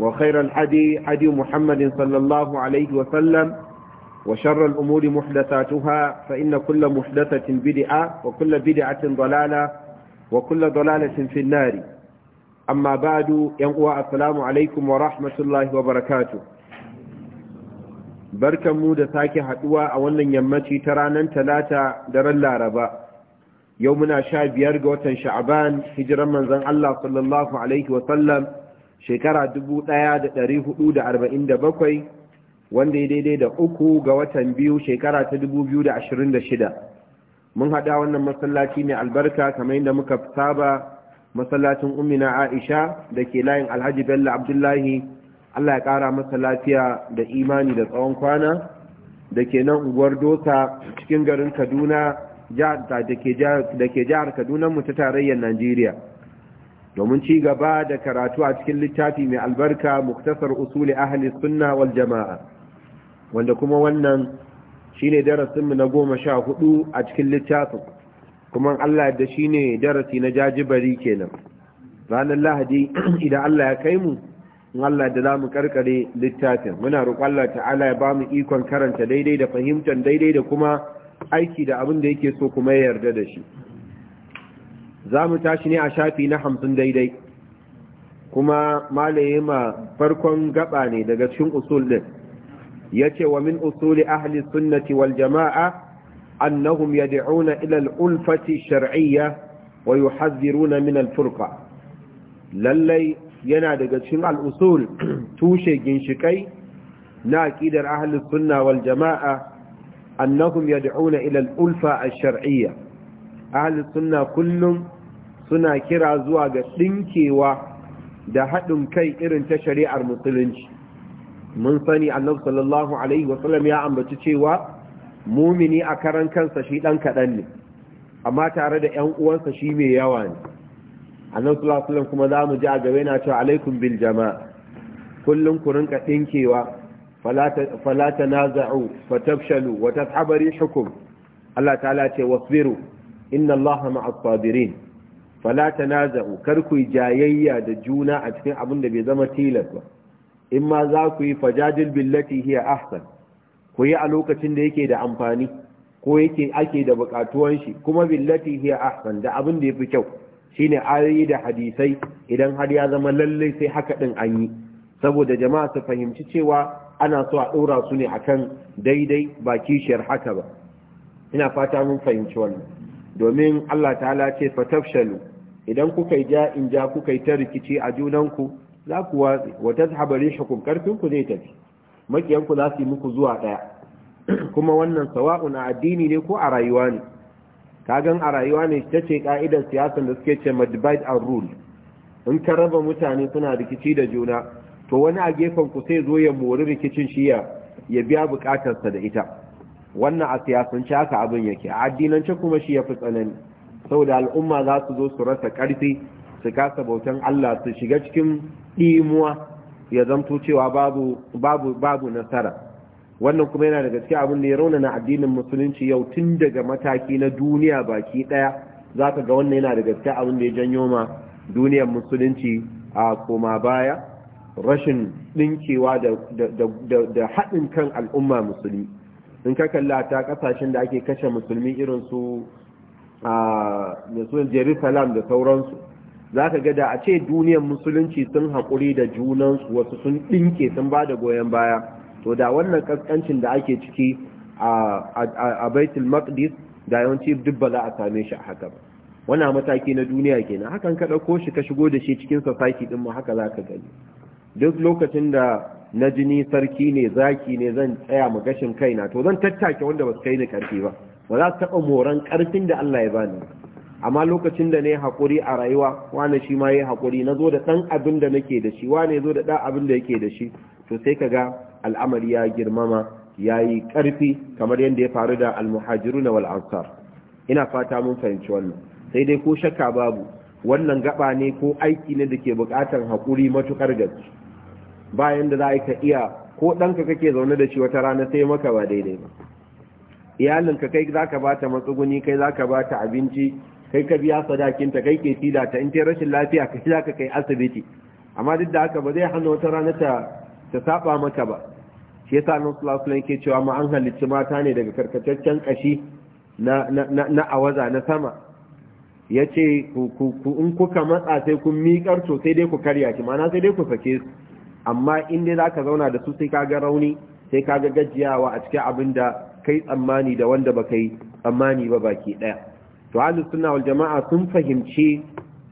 وخير الحدي حدي محمد صلى الله عليه وسلم وشر الأمور محدثاتها فإن كل محدثة بدعة وكل بدعة ضلالة وكل ضلالة في النار أما بعد ينقوى السلام عليكم ورحمة الله وبركاته barkan mu da sake haɗuwa a wannan yammaci ta ranar talata daren laraba yau muna sha biyar ga watan sha'aban hijiran manzon Allah shekara 1447 wanda ya daidai da uku ga watan biyu shekara ta da da ashirin shida, mun haɗa wannan masallaci mai albarka kamar yadda muka saba masallacin umina aisha da ke layin alhaji bello abdullahi allah ya ƙara masa lafiya da imani da tsawon kwana da ke nan unguwar dosa cikin garin kaduna da ke jihar kaduna mu ta tarayyar najeriya domin ci gaba da karatu a cikin littafi mai albarka muktasar usuli ahli sunna wal jama'a wanda kuma wannan shine darasinmu na goma sha hudu a cikin littafin kuma Allah da shine darasi na jajibari kenan ranar lahadi idan Allah ya kai mu in Allah da za mu karkare littafin muna roƙon Allah ta'ala ya ba mu ikon karanta daidai da fahimtar daidai da kuma aiki da abin da yake so kuma ya yarda da shi za mu tashi ne a shafi na hamsin daidai kuma malaye ma farkon gaba ne daga cikin usul din ya ce wa min usuli ahli sunnati wal jama'a annahum yad'una ila al-ulfati shar'iyya wa yuhadhiruna min al-furqa lallai yana daga cikin al-usul tushe ginshikai na aqidar ahli sunna wal jama'a annahum yad'una ila al-ulfa ash-shar'iyya ahalin sunna kullum suna kira zuwa ga ɗinkewa da haɗin kai irin ta shari'ar musulunci mun sani annabi sallallahu alaihi wasallam ya ambaci cewa mumini a karan kansa shi ɗan kaɗan ne amma tare da ‘yan uwansa shi mai yawa ne annabi sallallahu alaihi kuma za mu ji a gaba yana cewa alaikum bil jama'a kullum ku rinka ɗinkewa fala tanaza'u fatabshalu wa tathabari hukum Allah ta'ala ce wasbiru inna allaha ma'as sabirin fala tanaza'u kar kuyi jayayya da juna a cikin abin da bai zama tilas ba in ma za ku yi fajadil billati hiya ahsan ku yi a lokacin da yake da amfani ko yake ake da bukatuwan shi kuma billati hiya ahsan da abin da yafi kyau shine ayoyi da hadisai idan har ya zama lalle sai haka din an yi saboda jama'a su fahimci cewa ana so a dora su ne akan daidai ba kishiyar haka ba ina fata mun fahimci wannan domin Allah ta'ala ce fatafshalu idan kuka yi ja in ja kuka yi ta rikici a junanku za ku watsi wata habari shakum karfinku zai tafi makiyanku za su yi muku zuwa ɗaya kuma wannan sawa'un a addini ne ko a rayuwa ne kagan a rayuwa ne ta ce ka'idar siyasar da suke ce divide and Rul. in ka raba mutane suna rikici da juna to wani a gefen ku sai zo ya mori rikicin shiya ya biya bukatarsa da ita wannan a siyasance haka abin yake a addinance kuma shi ya fi tsanani da al'umma za su zo su rasa ƙarfi su kasa bautan Allah su shiga cikin ɗimuwa ya zamto cewa babu nasara wannan kuma yana daga cikin abin da ya raunana addinin musulunci yau tun daga mataki na duniya baki ɗaya. Za ka ga wannan yana daga cikin abin da ya janyo ma duniyar musulunci a koma baya rashin ɗinkewa, da da haɗin kan al'umma musulmi in ka kalla ta kasashen da ake kashe musulmi irin su a su jerusalem da sauransu za ka gada a ce duniyar musulunci sun haƙuri da junansu wasu sun ɗinke sun ba da goyon baya to da wannan ƙasƙancin da ake ciki a baitul maqdis da yawanci duk ba za a same shi a haka ba wannan mataki na duniya kenan hakan ka ɗauko shi ka shigo da shi cikin society ɗin mu haka za ka gani duk lokacin da na jini sarki ne zaki ne zan tsaya mu gashin kaina to zan tattake wanda ba su kai ni karfi ba ba za su taɓa moran karfin da Allah ya bani amma lokacin da ne hakuri a rayuwa wani shi ma ya haƙuri na zo da ɗan abin da nake da shi wani ya zo da ɗan abin da yake da shi to sai ka ga al'amari ya girmama ya yi ƙarfi kamar yadda ya faru da almuhajiru na wal'ansar ina fata mun fahimci wannan sai dai ko shakka babu wannan gaba ne ko aiki ne da ke buƙatar haƙuri matuƙar gaske bayan da za ka iya ko ɗanka kake zaune da shi wata rana sai maka ba daidai ba iyalinka kai za ka ba ta matsuguni kai za ka ba ta abinci kai ka biya sadakinta kai ke sida ta in ce rashin lafiya kai za ka kai asibiti amma duk da haka ba zai hana wata rana ta ta saba maka ba shi yasa nan sallallahu alaihi ke cewa ma an halicci mata ne daga karkataccen kashi na na awaza na sama yace ku ku in kuka matsa sai kun miƙar to sai dai ku karya ki ma'ana sai dai ku sake su amma in dai zaka zauna da su sai kaga rauni sai ka ga gajiyawa a cikin abin da kai tsammani da wanda baka yi tsammani ba baki daya to ahlus sunna wal jama'a sun fahimci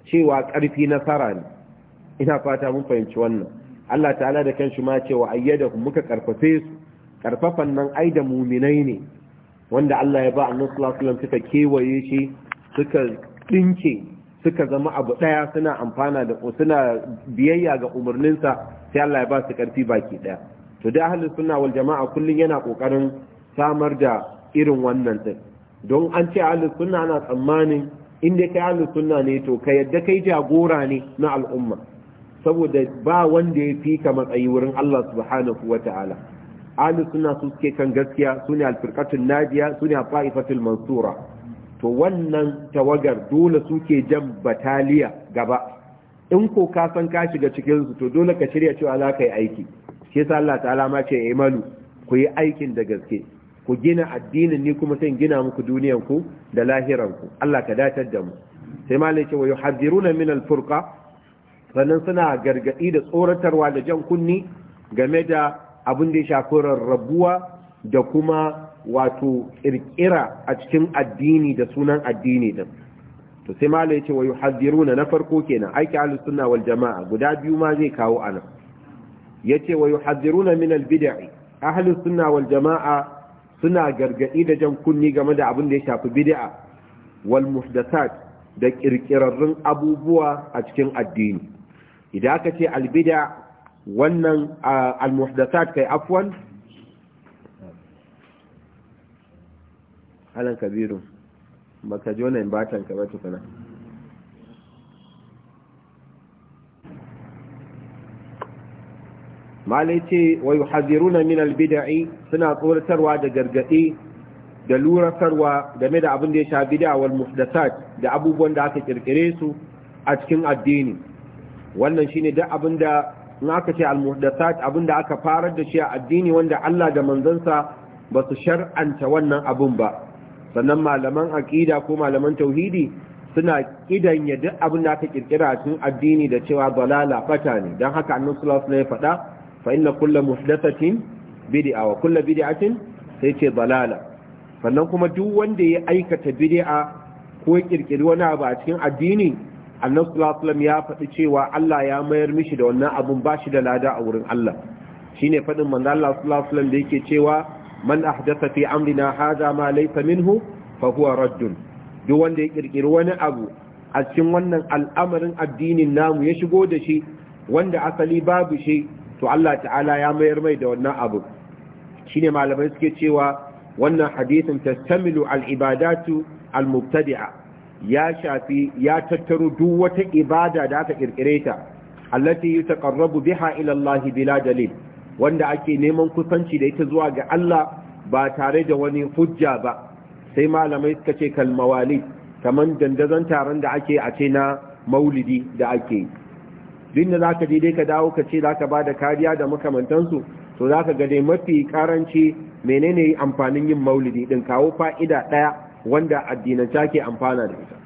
cewa karfi nasara ne ina fata mun fahimci wannan Allah ta'ala da kanshi ma cewa ayyadahu muka karfafe su karfafan nan ai da muminai ne wanda Allah ya ba annabi sallallahu alaihi wasallam suka kewaye shi suka dinke suka zama abu ɗaya suna amfana da suna biyayya ga umarninsa sai Allah ya ba su ƙarfi baki ɗaya to da ahlus sunna wal jama'a kullun yana kokarin samar da irin wannan din don an ce ahlus sunna ana tsammanin inda kai ahlus sunna ne to ka yadda kai jagora ne na al'umma saboda ba wanda ya fi ka matsayi wurin Allah subhanahu wata'ala ahlus sunna su suke kan gaskiya sune al-firqatul suna sune al-fa'ifatul mansura to wannan tawagar dole suke jan bataliya gaba in ko ka san ka shiga cikin su to dole ka shirya cewa za ka yi aiki shi yasa Allah ta'ala ma ce imanu eh, ku yi aikin da gaske ku gina addinin ni kuma sai gina muku duniyan ku da lahiran ku Allah ka datar da mu sai malai ce wa yuhaddiruna min alfurqa sannan suna gargadi da tsoratarwa da jan kunni game da abin da ya shafi rabuwa da kuma wato kirkira a cikin addini da sunan addini din to sai mala yace wa yuhadhiruna na farko kenan aiki sunna wal jamaa guda biyu ma zai kawo anan yace wa yuhadhiruna min al bid'i sunna wal jamaa suna gargadi da jan kunni game da abin da ya shafi bid'a wal muhdathat da kirkirarrun abubuwa a cikin addini idan aka ce al bid'a wannan al muhdathat kai afwan alan kabiru ba ka ji wannan batan ka ba tukuna malai ce wa yuhadhiruna min albid'i suna tsoratarwa da gargadi da lurasarwa game da abin da ya sha bid'a wal muhdathat da abubuwan da aka kirkire su a cikin addini wannan shine duk abin da in aka ce al muhdathat abin da aka farar da shi a addini wanda Allah da manzansa ba su shar'anta wannan abun ba sannan malaman aqida ko malaman tauhidi suna ya duk abin da aka kirkira tun addini da cewa dalala fata ne dan haka annabi sallallahu alaihi wasallam ya faɗa fa inna kullu muhdathatin bid'a wa kullu bid'atin sai ce dalala sannan kuma duk wanda ya aikata bid'a ko ya kirkiri wani abu a cikin addini annabi sallallahu alaihi ya faɗi cewa Allah ya mayar mishi da wannan abun bashi da lada a wurin Allah shine faɗin manzo Allah sallallahu alaihi wasallam da yake cewa man ahdatha fi amrina haza ma laysa minhu fa huwa raddun wanda ya kirkiri wani abu a cikin wannan al'amarin addinin namu ya shigo da shi wanda asali babu shi to Allah ta'ala ya mayar mai da wannan abu shine malamai suke cewa wannan hadisin tastamilu al-ibadatu al-mubtadi'a ya shafi ya tattaro duk wata ibada da aka kirkire ta allati yutaqarrabu biha ila Allah bila dalil wanda ake neman kusanci da ita zuwa ga Allah ba tare da wani hujja ba sai malamai suka ce kalmawali kamar dandazon taron da ake a ce na maulidi da ake duk da zaka je dai ka dawo ka ce ba da kariya da makamantansu to zaka ga dai mafi karanci menene amfanin yin maulidi din kawo fa'ida ɗaya wanda addinanta ke amfana da ita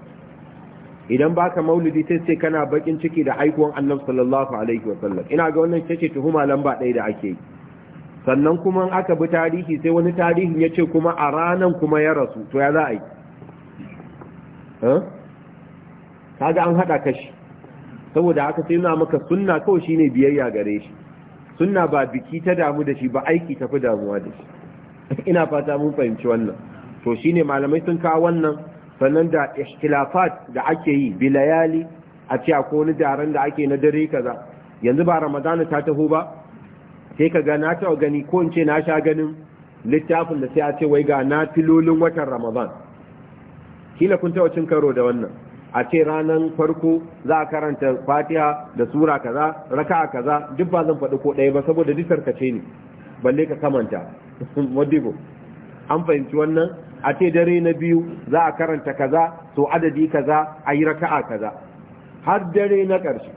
idan baka maulidi sai ce kana bakin ciki da haihuwan annabi sallallahu alaihi wasallam ina ga wannan ce tuhuma lamba ɗaya da ake yi sannan kuma aka bi tarihi sai wani tarihin ya ce kuma a ranan kuma ya rasu to ya za a yi kaga an haɗa kashi saboda haka sai na maka sunna kawai shine biyayya gare shi sunna ba biki ta damu da shi ba aiki tafi damuwa da shi ina fata mun fahimci wannan to shine malamai sun kawo wannan sannan da ikhtilafat da ake yi bilayali a ce akwai wani daren da ake na dare kaza yanzu ba ramadana ta taho ba sai ka ga na taɓa gani ko in ce na sha ganin littafin da sai a ce wai ga na filolin watan ramadan kila kun taɓa cin karo da wannan a ce ranar farko za a karanta fatiha da sura kaza raka kaza duk ba zan faɗi ko ɗaya ba saboda duk tarkace ne balle ka kamanta modibo an fahimci wannan a ce dare na biyu za a karanta kaza to adadi kaza a yi raka'a kaza har dare na ƙarshe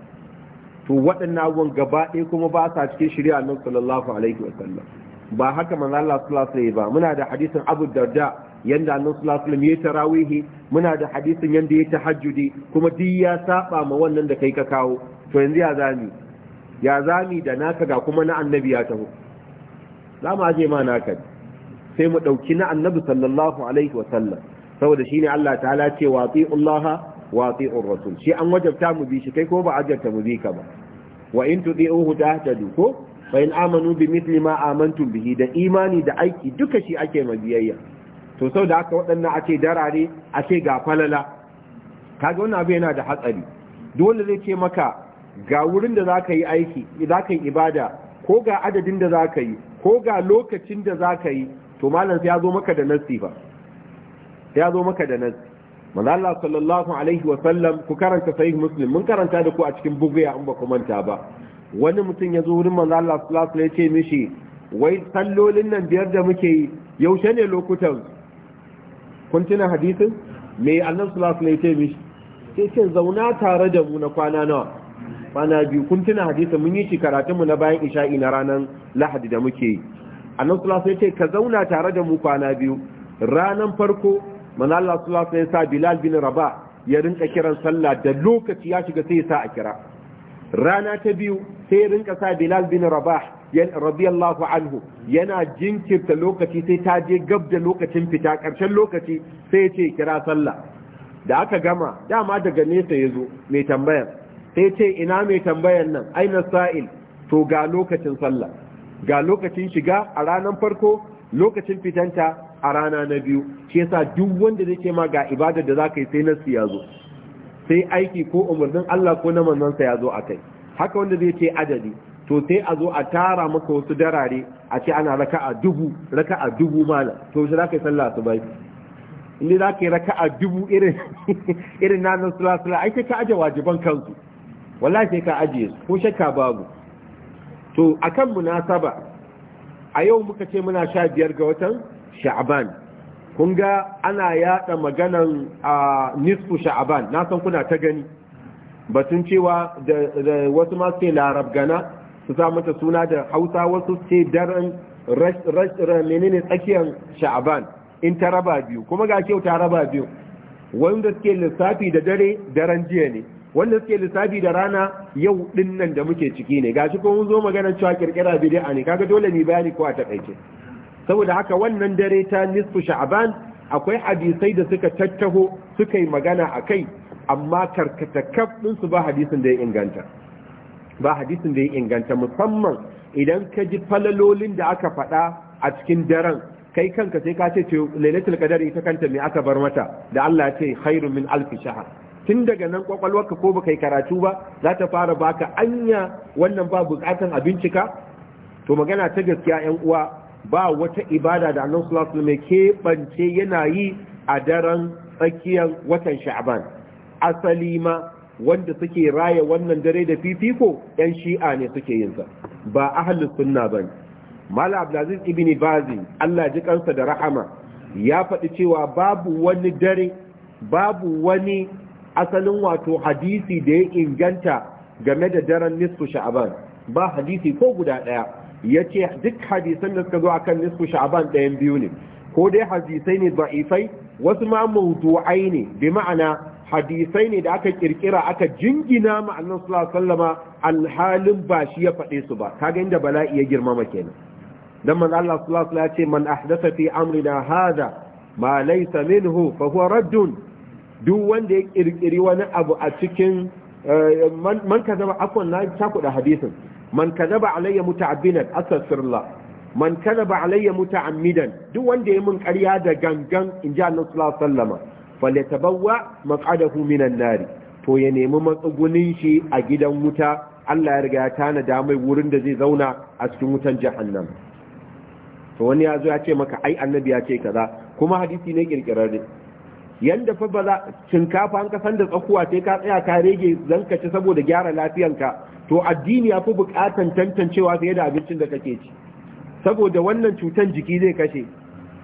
to waɗannan abubuwan gaba ɗaya kuma ba sa cikin shari'a nan sallallahu alaihi wa sallam ba haka manzo Allah sallallahu alaihi ba muna da hadisin Abu Darda yanda annabi sallallahu alaihi ya tarawihi muna da hadisin yanda ya tahajjudi kuma duk ya saba ma wannan da kai ka kawo to yanzu ya zami ya zami da naka ga kuma na annabi ya taho za mu aje ma naka sai mu ɗauki na annabi sallallahu alaihi wasallam saboda shi Allah ta'ala ce watsi Allah watsi rasul shi an wajabta mu bi shi kai ko ba ajabta mu bi ka ba wa in tudi'uhu tahtadu ko fa in amanu bi mithli ma amantum bihi da imani da aiki duka shi ake ma biyayya. to sau da aka waɗannan a darare a ga falala kaga wannan abu yana da hatsari duk wanda zai ce maka ga wurin da za yi aiki za yi ibada ko ga adadin da za yi ko ga lokacin da za yi to malam sai ya zo maka da nassi ba sai ya zo maka da nassi manzo Allah sallallahu alaihi wa sallam ku karanta sahih muslim mun karanta da ku a cikin buguya an ba ku manta ba wani mutum ya zo wurin manzo Allah sallallahu alaihi ya ce mishi wai sallolin nan biyar da muke yi yaushe ne lokutan kun tuna hadisin me Allah sallallahu alaihi ya ce mishi sai ce zauna tare da mu na kwana nawa kwana biyu kun tuna hadisin mun yi shi karatunmu na bayan isha'i na ranar lahadi da muke yi annabi sallallahu alaihi wasallam ka zauna tare da mu kwana biyu Ranar farko manzo Allah ya sa Bilal bin Raba ya rinka kiran sallah da lokaci ya shiga sai ya sa a kira rana ta biyu sai ya rinka sa Bilal bin Rabah radiyallahu anhu yana jinkirta lokaci sai ta je gab da lokacin fita karshen lokaci sai ya ce kira sallah da aka gama dama daga nesa ya zo mai tambayar sai ce ina mai tambayar nan aina sa'il to ga lokacin sallah ga lokacin shiga a ranar farko lokacin fitanta a rana na biyu shi yasa duk wanda zai ce ma ga ibadar da za ka yi sai nasu ya zo sai aiki ko umarnin Allah ko na manzansa ya zo a kai haka wanda zai ce adadi to sai a zo a tara maka wasu darare a ce ana raka'a dubu raka'a dubu mana to shi za ka yi sallah su bai inda za ka yi raka'a dubu irin irin sula sula ai sai ka aje wajiban kansu wallahi sai ka ajiye ko shakka babu to a kan munasaba a yau muka ce muna sha biyar ga watan sha'aban kun ga ana yada maganan a nisfu sha'aban na san kuna ta gani batun cewa da wasu ma ce larab gana su sa mata suna da hausa wasu ce daren menene tsakiyar sha'aban in ta raba biyu kuma ga kyau ta raba biyu wanda suke lissafi da dare daren jiya ne wanda suke lissafi da rana yau din da muke ciki ne gashi ko mun zo magana cewa kirkira bid'a ne kaga dole ni bayani ko a takaice saboda haka wannan dare ta nisfu sha'ban akwai hadisai da suka tattaho suka yi magana akai amma karkata kaf din su ba hadisin da ya inganta ba hadisin da ya inganta musamman idan ka ji falalolin da aka faɗa a cikin daren kai kanka sai ka ce lailatul qadar ita kanta me aka bar mata da Allah ya ce khairu min alf shahr tun daga nan kwakwalwarka ko baka yi karatu ba za ta fara baka anya wannan ba bukatan a bincika to magana ta gaskiya yan uwa ba wata ibada da Allah sallallahu alaihi wasallam keɓance yana yi a daren tsakiyar watan sha'ban asali ma wanda suke raya wannan dare da fifiko yan shi'a ne suke yin sa ba ahlus sunna bane mala abdulaziz ibn bazi Allah ji kansa da rahama ya faɗi cewa babu wani dare babu wani asalin wato hadisi da ya inganta game da daren nisfu sha'aban ba hadisi ko guda ɗaya ya ce duk hadisan da suka zo a kan nisfu sha'aban ɗayan biyu ne ko dai hadisai ne da'ifai wasu ma mawdu'ai ne bi ma'ana hadisai ne da aka kirkira aka jingina ma annabi sallallahu alaihi wasallama alhalin ba shi ya faɗe su ba kaga inda bala'i ya girmama kenan dan manzo Allah sallallahu alaihi wasallam ya ce man ahdatha fi amrina hadha ma laysa minhu fa huwa raddun duk wanda ya kirkiri wani abu a cikin eh, man kazaba akwai na da hadisin man kazaba alayya muta'abbinan asasirla. man kazaba alayya muta'ammidan duk wanda ya mun karya da gangan in inji Allah sallallahu alaihi wasallama falyatabawwa maq'adahu minan nar to ya nemi matsugunin shi a gidan wuta Allah ya riga ya tana da mai wurin da zai zauna a cikin wutan jahannam to wani ya zo ya ce maka ai annabi ya ce kaza kuma hadisi ne kirkirarre yanda fa ba za shinkafa an kasan da tsakuwa sai ka tsaya ka rege zan ka ci saboda gyara lafiyanka to addini ya fi bukatan tantancewa fiye da abincin da kake ci saboda wannan cutan jiki zai kashe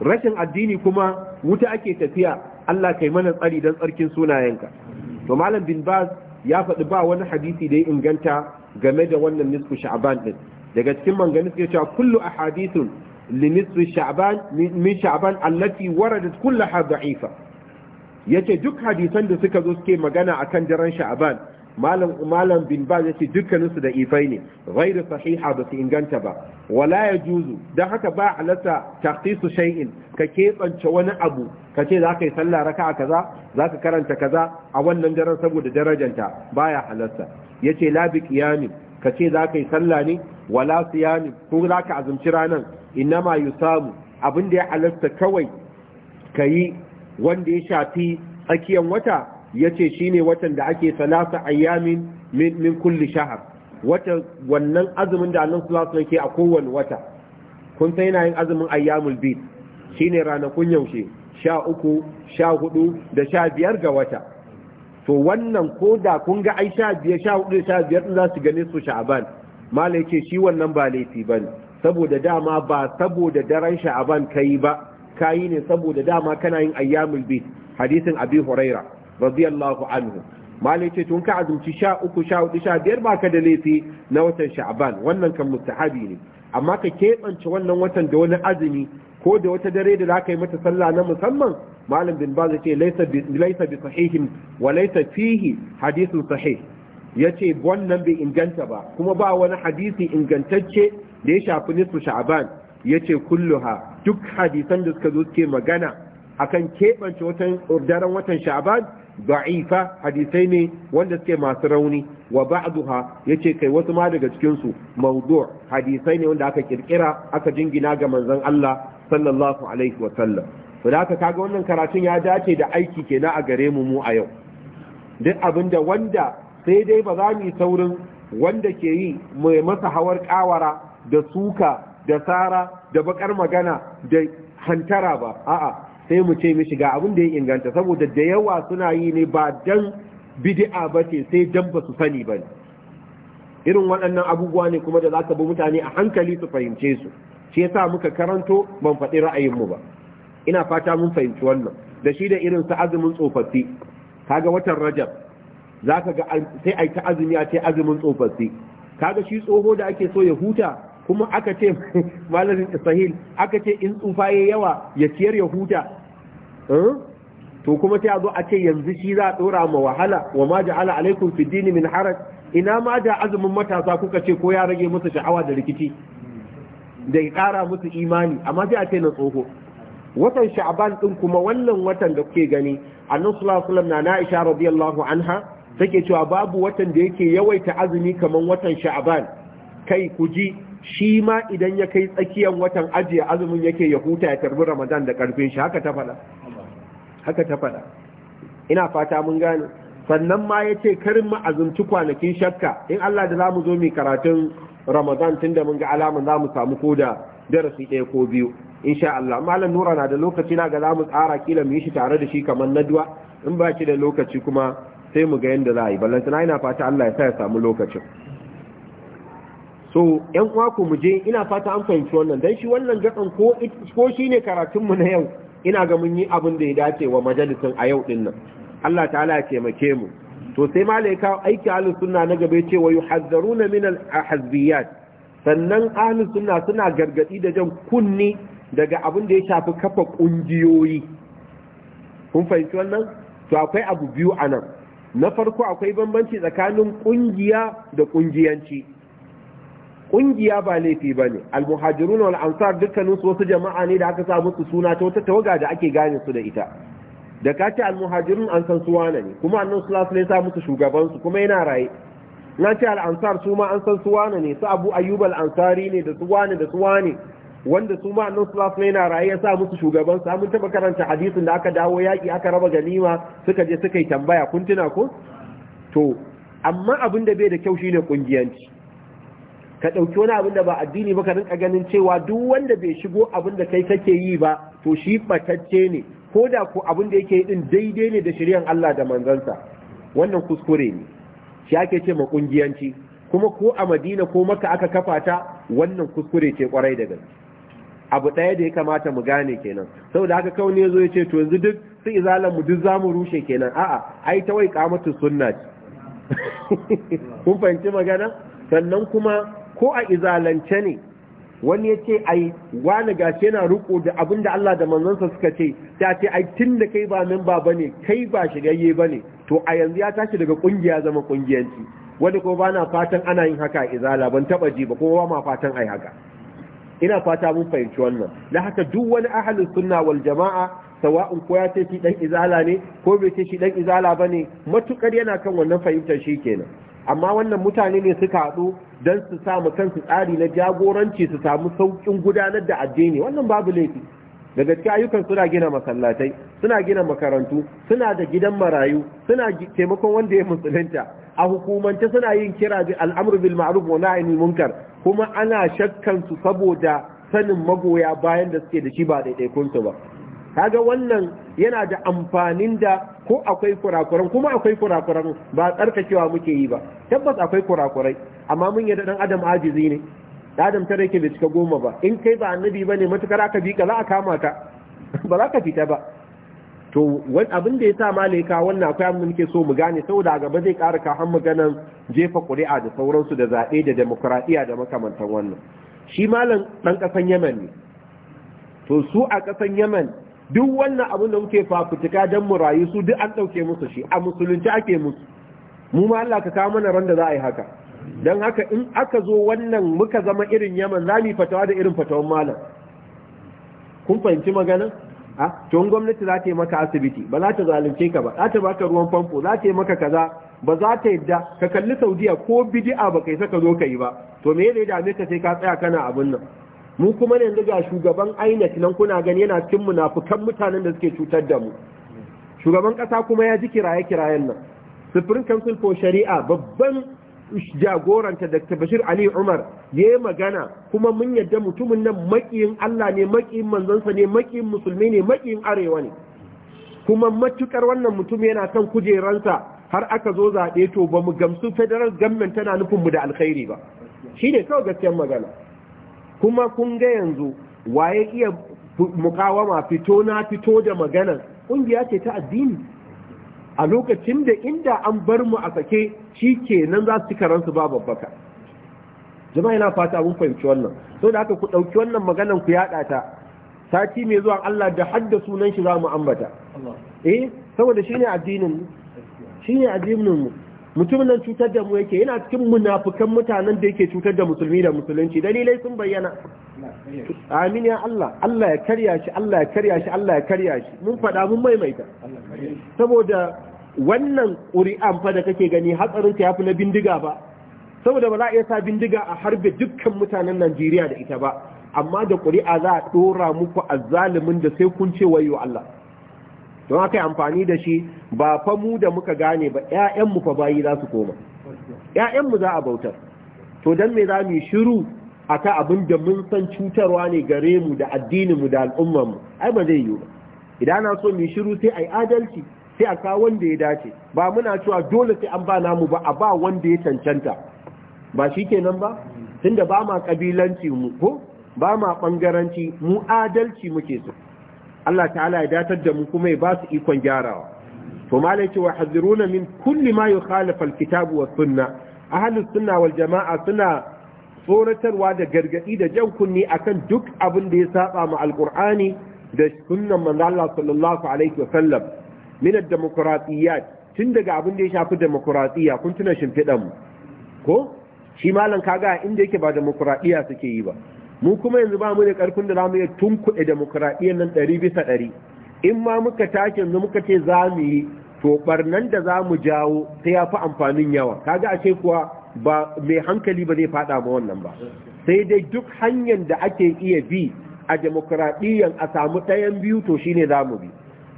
rashin addini kuma wuta ake tafiya Allah kai mana tsari don tsarkin sunayenka to malam bin baz ya faɗi ba wani hadisi da ya inganta game da wannan nisfu sha'ban din daga cikin manganis ya cewa kullu ahadithun li nisfu sha'ban min sha'ban allati waradat kullaha yace duk hadisan da suka zo suke magana akan daren sha'aban malam malam bin Ba yace ce su da ifai ne ghairu sahiha ba su inganta ba wala ya juzu, dan haka ba alata takhsisu shay'in ka kebance wani abu ka ce zaka yi sallah raka a kaza zaka karanta kaza a wannan daren saboda darajanta baya halarta yace la bi qiyami ka ce ka yi sallah ne wala siyami ko zaka azumci ranan innama yusabu abin da ya halarta kawai kayi wanda ya shafi tsakiyar wata ya ce shi ne watan da ake salasa ayyamin min min kulli shahar wata wannan azumin da annan salasa alaihi a kowane wata kun san yana yin azumin ayyamul bid ne ranakun yaushe sha uku sha hudu da sha biyar ga wata to wannan ko da kun ga ai sha biyar sha hudu da sha biyar za su gane su sha'aban mala ce shi wannan ba laifi ne, saboda dama ba saboda daren sha'aban ka yi ba kayi ne saboda dama kana yin ayyamul bid hadisin abi huraira radiyallahu anhu malai ce tun ka azumci sha uku sha hudu sha biyar baka da laifi na watan sha'ban wannan kan mustahabi ne amma ka keɓance wannan watan da wani azumi ko da wata dare da zaka yi mata sallah na musamman malam bin baz ce laysa bi sahihin wa laysa fihi hadithun sahih yace wannan bai inganta ba kuma ba wani hadisi ingantacce da ya shafi nisfu sha'ban yace kulluha duk hadisan da suka zo suke magana akan keɓance watan daren watan sha'ban da'ifa hadisai ne wanda suke masu rauni wa ba'duha yace kai wasu ma daga cikin su mawdu' hadisai ne wanda aka kirkira aka jingina ga manzon Allah sallallahu alaihi wa sallam to da aka kaga wannan karatun ya dace da aiki kenan a gare mu mu a yau duk abinda wanda sai dai ba za mu yi saurin wanda ke yi mai masa hawar kawara da suka da sara da bakar magana da hantara ba a'a sai mu ce mishi ga abin da ya inganta saboda da yawa suna yi ne ba dan bidi'a ba ce sai dan ba su sani ba irin waɗannan abubuwa ne kuma da za ka bi mutane a hankali su fahimce su shi yasa muka karanto ban faɗi ra'ayinmu ba ina fata mun fahimci wannan da shi da irin su azumin tsofaffi kaga watan rajab zaka ga sai ai ta azumi a ce azumin tsofaffi Ka ga shi tsoho da ake so ya huta kuma aka ce malamin isahil aka ce in tsufa ya yawa ya ciyar ya huta hmm? to kuma sai a zo a ce yanzu shi za a dora ma wahala wa ma ja'ala alaikum fi dini min haraj ina ma da azumin matasa kuka ce ko ya rage musu sha'awa da rikici da ya kara musu imani amma sai a ce na tsoho watan sha'ban din kuma wannan watan da kuke gani annabi sallallahu alaihi wasallam na Aisha radiyallahu anha take cewa babu watan da yake yawaita azumi kaman watan sha'ban kai ku ji shi ma idan ya kai tsakiyar watan ajiye azumin yake ya huta ya karbi ramadan da karfin shi haka ta faɗa haka ta faɗa ina fata mun gane sannan ma ya ce karin mu azumci kwanakin shakka in Allah da zamu zo mu karatun ramadan tunda mun ga alamun zamu samu ko da darasi ɗaya ko biyu insha Allah malam nura na da lokaci na ga zamu tsara kila mu yi shi tare da shi kamar na duwa. in ba shi da lokaci kuma sai mu ga yanda za a yi ballantana ina fata Allah ya sa ya samu lokacin so yan ku mu je ina fata an fahimci wannan dan shi wannan gaban ko ko shine karatun mu na yau ina ga mun yi abin da ya dace wa majalisin a yau din Allah ta'ala ya taimake mu to sai malaika aiki ahlus sunna na gaba ce wa yuhazzaruna min al ahzbiyat sannan ahlus sunna suna gargadi da jan kunni daga abin da ya shafi kafa kungiyoyi kun fahimci wannan to akwai abu biyu anan na farko akwai bambanci tsakanin kungiya da kungiyanci kungiya ba laifi ba ne. almuhajirun wal ansar dukkanin su wasu jama'a ne da aka sa musu suna ta wata tawaga da ake gane su da ita da ka ce almuhajirun an san su wane ne kuma annabi sallallahu alaihi wasallam musu shugaban su kuma yana raye na ce al-ansar su ma an san su wane ne su abu ayyub al-ansari ne da su wane da su wane wanda su ma annabi sallallahu alaihi wasallam raye ya sa musu shugaban su mun taba karanta hadisin da aka dawo yaki aka raba ganima suka je suka yi tambaya kun tuna ko to amma abin da bai da kyau shine kungiyanci ka ɗauki wani abin da ba addini ba ka rinka ganin cewa duk wanda bai shigo abin da kai kake yi ba to shi batacce ne ko da ko abin da yake din daidai ne da shari'an Allah da manzansa wannan kuskure ne shi ake ce ma kungiyanci kuma ko a Madina ko maka aka kafa ta wannan kuskure ce kwarai da gaske abu ɗaya da ya kamata mu gane kenan saboda haka kawai ne zo ya ce to yanzu duk su izalan mu duk zamu rushe kenan a'a ai ta wai kamatu sunna kun fahimci magana sannan kuma ko a izalance ne wani ya ce ai wani gashi yana riko da abin da Allah da manzansa suka ce ta ce tun da kai ba memba ba ne kai ba shigayye ba ne to a yanzu ya tashi daga kungiya zama kungiyanci wani ko ba na fatan ana yin haka a izala ban taba ji ba ba ma fatan ai haka ina fata mun fahimci wannan na haka duk wani ahalin sunna wal jama'a sawa'un ko ya ce shi dan izala ne ko bai ce shi dan izala bane matukar yana kan wannan fahimtar shi kenan amma wannan mutane ne suka haɗu don su samu kansu tsari na jagoranci su samu sauƙin gudanar da addini wannan babu laifi da gaske ayyukan suna gina masallatai suna gina makarantu suna da gidan marayu suna taimakon wanda ya musulunta a hukumance suna yin kira bi al'amru bil ma'ruf wa nahyi munkar kuma ana shakkan su saboda sanin magoya bayan da suke da shi ba daidaikun su ba kaga wannan yana da amfanin da ko akwai kurakuran kuma akwai kurakuran ba tsarkakewa muke yi ba tabbas akwai kurakurai amma mun yadda dan adam ajizi ne adam tare yake bai cika goma ba in kai ba annabi bane matukar aka bi ka za a kama ka ba za ka fita ba to abin da ya sa malaika wannan akwai abin muke so mu gane saboda gaba zai ƙara ka har maganan jefa ƙuri'a da sauransu da zaɓe da demokuraɗiyya da makamantan wannan shi malam ɗan ƙasan yaman ne to su a ƙasan yaman duk wannan abin da muke fafutuka don mu rayu su duk an ɗauke musu shi a musulunci ake musu mu ma Allah ka kawo mana ran da za a yi haka don haka in aka zo wannan muka zama irin yaman za mu fatawa da irin fatawan malam kun fahimci magana a tun gwamnati za ta yi maka asibiti ba za ta zalunce ka ba za ta baka ruwan famfo za ta yi maka kaza ba za ta yadda ka kalli saudiya ko bidi'a ba kai saka zo ka yi ba to me ya da ka sai ka tsaya kana abin nan mu kuma ne yanzu ga shugaban INEC nan kuna gani yana cikin munafukan mutanen da suke cutar da mu shugaban kasa kuma ya ji kiraye kirayen nan supreme council for shari'a babban jagoranta Dr. Bashir Ali Umar ya yi magana kuma mun yadda mutumin nan makiyin Allah ne makiyin manzansa ne makiyin musulmi ne makiyin arewa ne kuma matukar wannan mutum yana kan kujeransa har aka zo zaɓe to ba mu gamsu federal government tana nufin mu da alkhairi ba shi ne kawai gaskiyar magana kuma kun ga yanzu waye iya mukawama fito na fito da magana. ƙungiya ce ta addini a lokacin da inda an bar mu a sake shi ke nan za su karansu ba babbaka jama'a yana fata abin fahimci wannan so da aka ku ɗauki wannan maganar ku yaɗa ta sati mai zuwa Allah da hadda sunan shi za mu ambata eh saboda shine addinin shine addinin mu mutumin nan cutar da mu yake yana cikin munafukan mutanen da yake cutar da musulmi da musulunci dalilai sun bayyana amin ya Allah Allah ya karya shi Allah ya karya shi Allah ya karya shi mun faɗa mun maimaita saboda wannan ƙuri'an fa da kake gani hatsarin ta yafi na bindiga ba saboda ba za a iya sa bindiga a harbe dukkan mutanen Najeriya da ita ba amma da ƙuri'a za a ɗora muku azzalumin da sai kun ce wayo Allah don aka yi amfani da shi ba fa mu da muka gane ba ƴaƴanmu fa bayi za su koma ƴaƴanmu za a bautar to dan me za mu shiru akan abin da mun san cutarwa ne gare mu da addininmu da al'ummar mu ai ba zai yiwu ba idan ana so mu shiru sai ai adalci sai a kawo wanda ya dace ba muna cewa dole sai an ba namu ba a ba wanda ya cancanta ba shi shikenan ba tunda ba ma kabilanci mu ko ba ma ɓangaranci mu adalci muke so Allah ta'ala ya datar da mu kuma ya ba su ikon gyarawa to malai ce wa haziruna min kulli ma yukhalifa alkitabu was sunna ahlus sunna wal jama'a suna tsoratarwa da gargadi da jan kunni akan duk abin da ya saba mu alqur'ani da sunnan manzo Allah sallallahu alaihi wa sallam min ad tun daga abin da ya shafi demokratiya kun tuna shimfidan mu ko shi malam kaga inda yake ba demokradiya suke yi ba mu kuma yanzu ba mu da karfin da zamu iya tunkuɗe demokradiyyar nan ɗari bisa ɗari in ma muka tashi yanzu muka ce za mu yi to barnan da za mu jawo sai ya fi amfanin yawa kaga a ce kuwa ba mai hankali ba zai faɗa ma wannan ba sai dai duk hanyar da ake iya bi a demokradiyyan a samu ɗayan biyu to shine za mu bi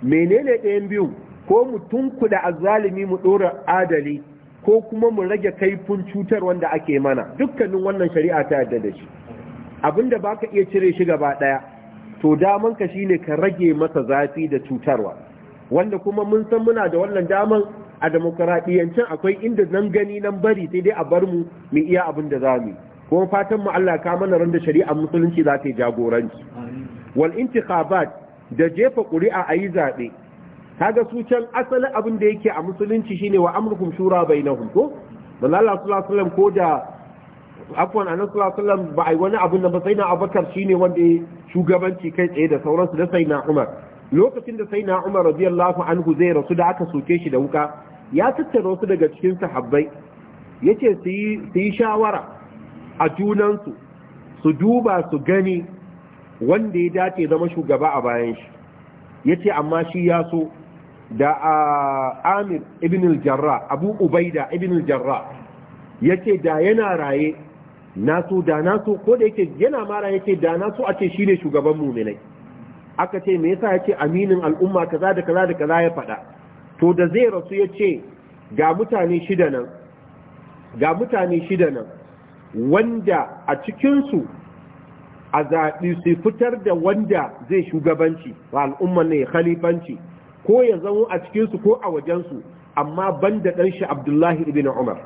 menene ɗayan biyu ko mu tunkuda azzalimi mu ɗora adali ko kuma mu rage kaifin cutar wanda ake mana dukkanin wannan shari'a ta yarda da shi abinda baka iya cire shi gaba daya to daman ka shine ka rage masa zafi da cutarwa wanda kuma mun san muna da wannan daman a demokradiyyancin akwai inda nan gani nan bari sai dai a bar mu mu iya abin da zamu kuma fatan mu Allah ka mana ran da shari'ar musulunci za ta yi jagoranci wal intikhabat da jefa ƙuri'a a yi zaɓe kaga su can asalin abin da yake a musulunci shine wa amrukum shura bainahum ko manzo Allah sallallahu alaihi wasallam ko da afwan annabi sallallahu alaihi wasallam ba wani abun nan ba sai na abakar ne wanda ya shugabanci kai tsaye da sauransu da sai na umar lokacin da sai na umar radiyallahu anhu zai rasu da aka soke shi da wuka ya tattara wasu daga cikin sahabbai yace ce su yi shawara a junansu su duba su gani wanda ya dace zama shugaba a bayan shi yace amma shi ya so da Amir ibn al-Jarrah Abu Ubaida ibn al-Jarrah yace da yana raye nasu da nasu ko da yake yana mara yake da nasu a ce shine shugaban muminai aka ce me yasa yace aminin al'umma kaza da kaza da kaza ya fada to da zai rasu yace ga mutane shida nan ga mutane shida nan wanda a cikin su a zaɓi su fitar da wanda zai shugabanci wa al'umma ne khalifanci ko ya zama a cikinsu ko a wajensu amma banda da shi abdullahi ibn umar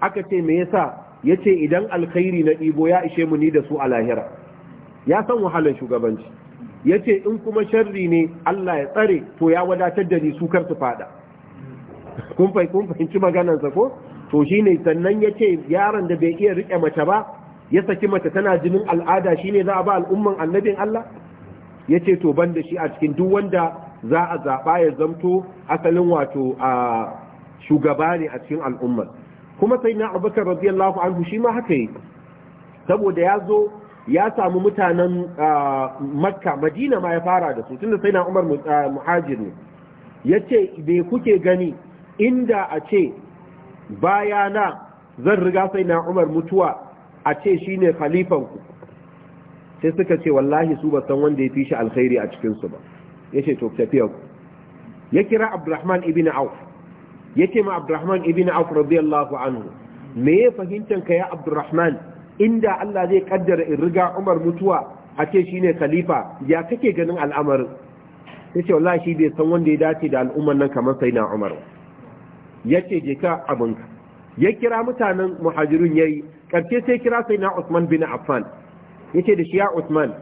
aka ce me yasa yace idan alkhairi na ɗibo ya ishe mu ni da su a lahira ya san wahalar shugabanci yace in kuma sharri ne Allah ya tsare to ya wadatar da ni su kar su fada kun fahimci maganarsa ko to shi sannan ya ce yaron da bai iya rike mace ba ya saki mace tana jinin al'ada shine ne za a ba al'umman annabin Allah yace to ban da shi a cikin duk wanda za a zaɓa ya zamto asalin wato a shugaba ne a cikin al'ummar kuma sai na abubakar radiyallahu anhu shi ma haka yi saboda ya zo ya samu mutanen makka madina ma ya fara da su tunda sai na umar muhajir ne ya ce bai kuke gani inda a ce bayana zan riga sai na umar mutuwa a ce shi ne khalifanku sai suka ce wallahi su basan wanda ya fi shi alkhairi a cikinsu ba ya ce to tafiya ku ya kira abdurrahman ibn auf yace ma Abdurrahman ibn Auf radiyallahu anhu me ya fahimtan ka ya Abdurrahman inda Allah zai kaddara in riga Umar mutuwa a ce shine khalifa ya kake ganin al'amarin yace wallahi shi bai san wanda ya dace da al'umman nan kamar na Umar yace je ka abinka ya kira mutanen muhajirun yayi karshe sai kira Saina Usman bin Affan yace da shi ya Usman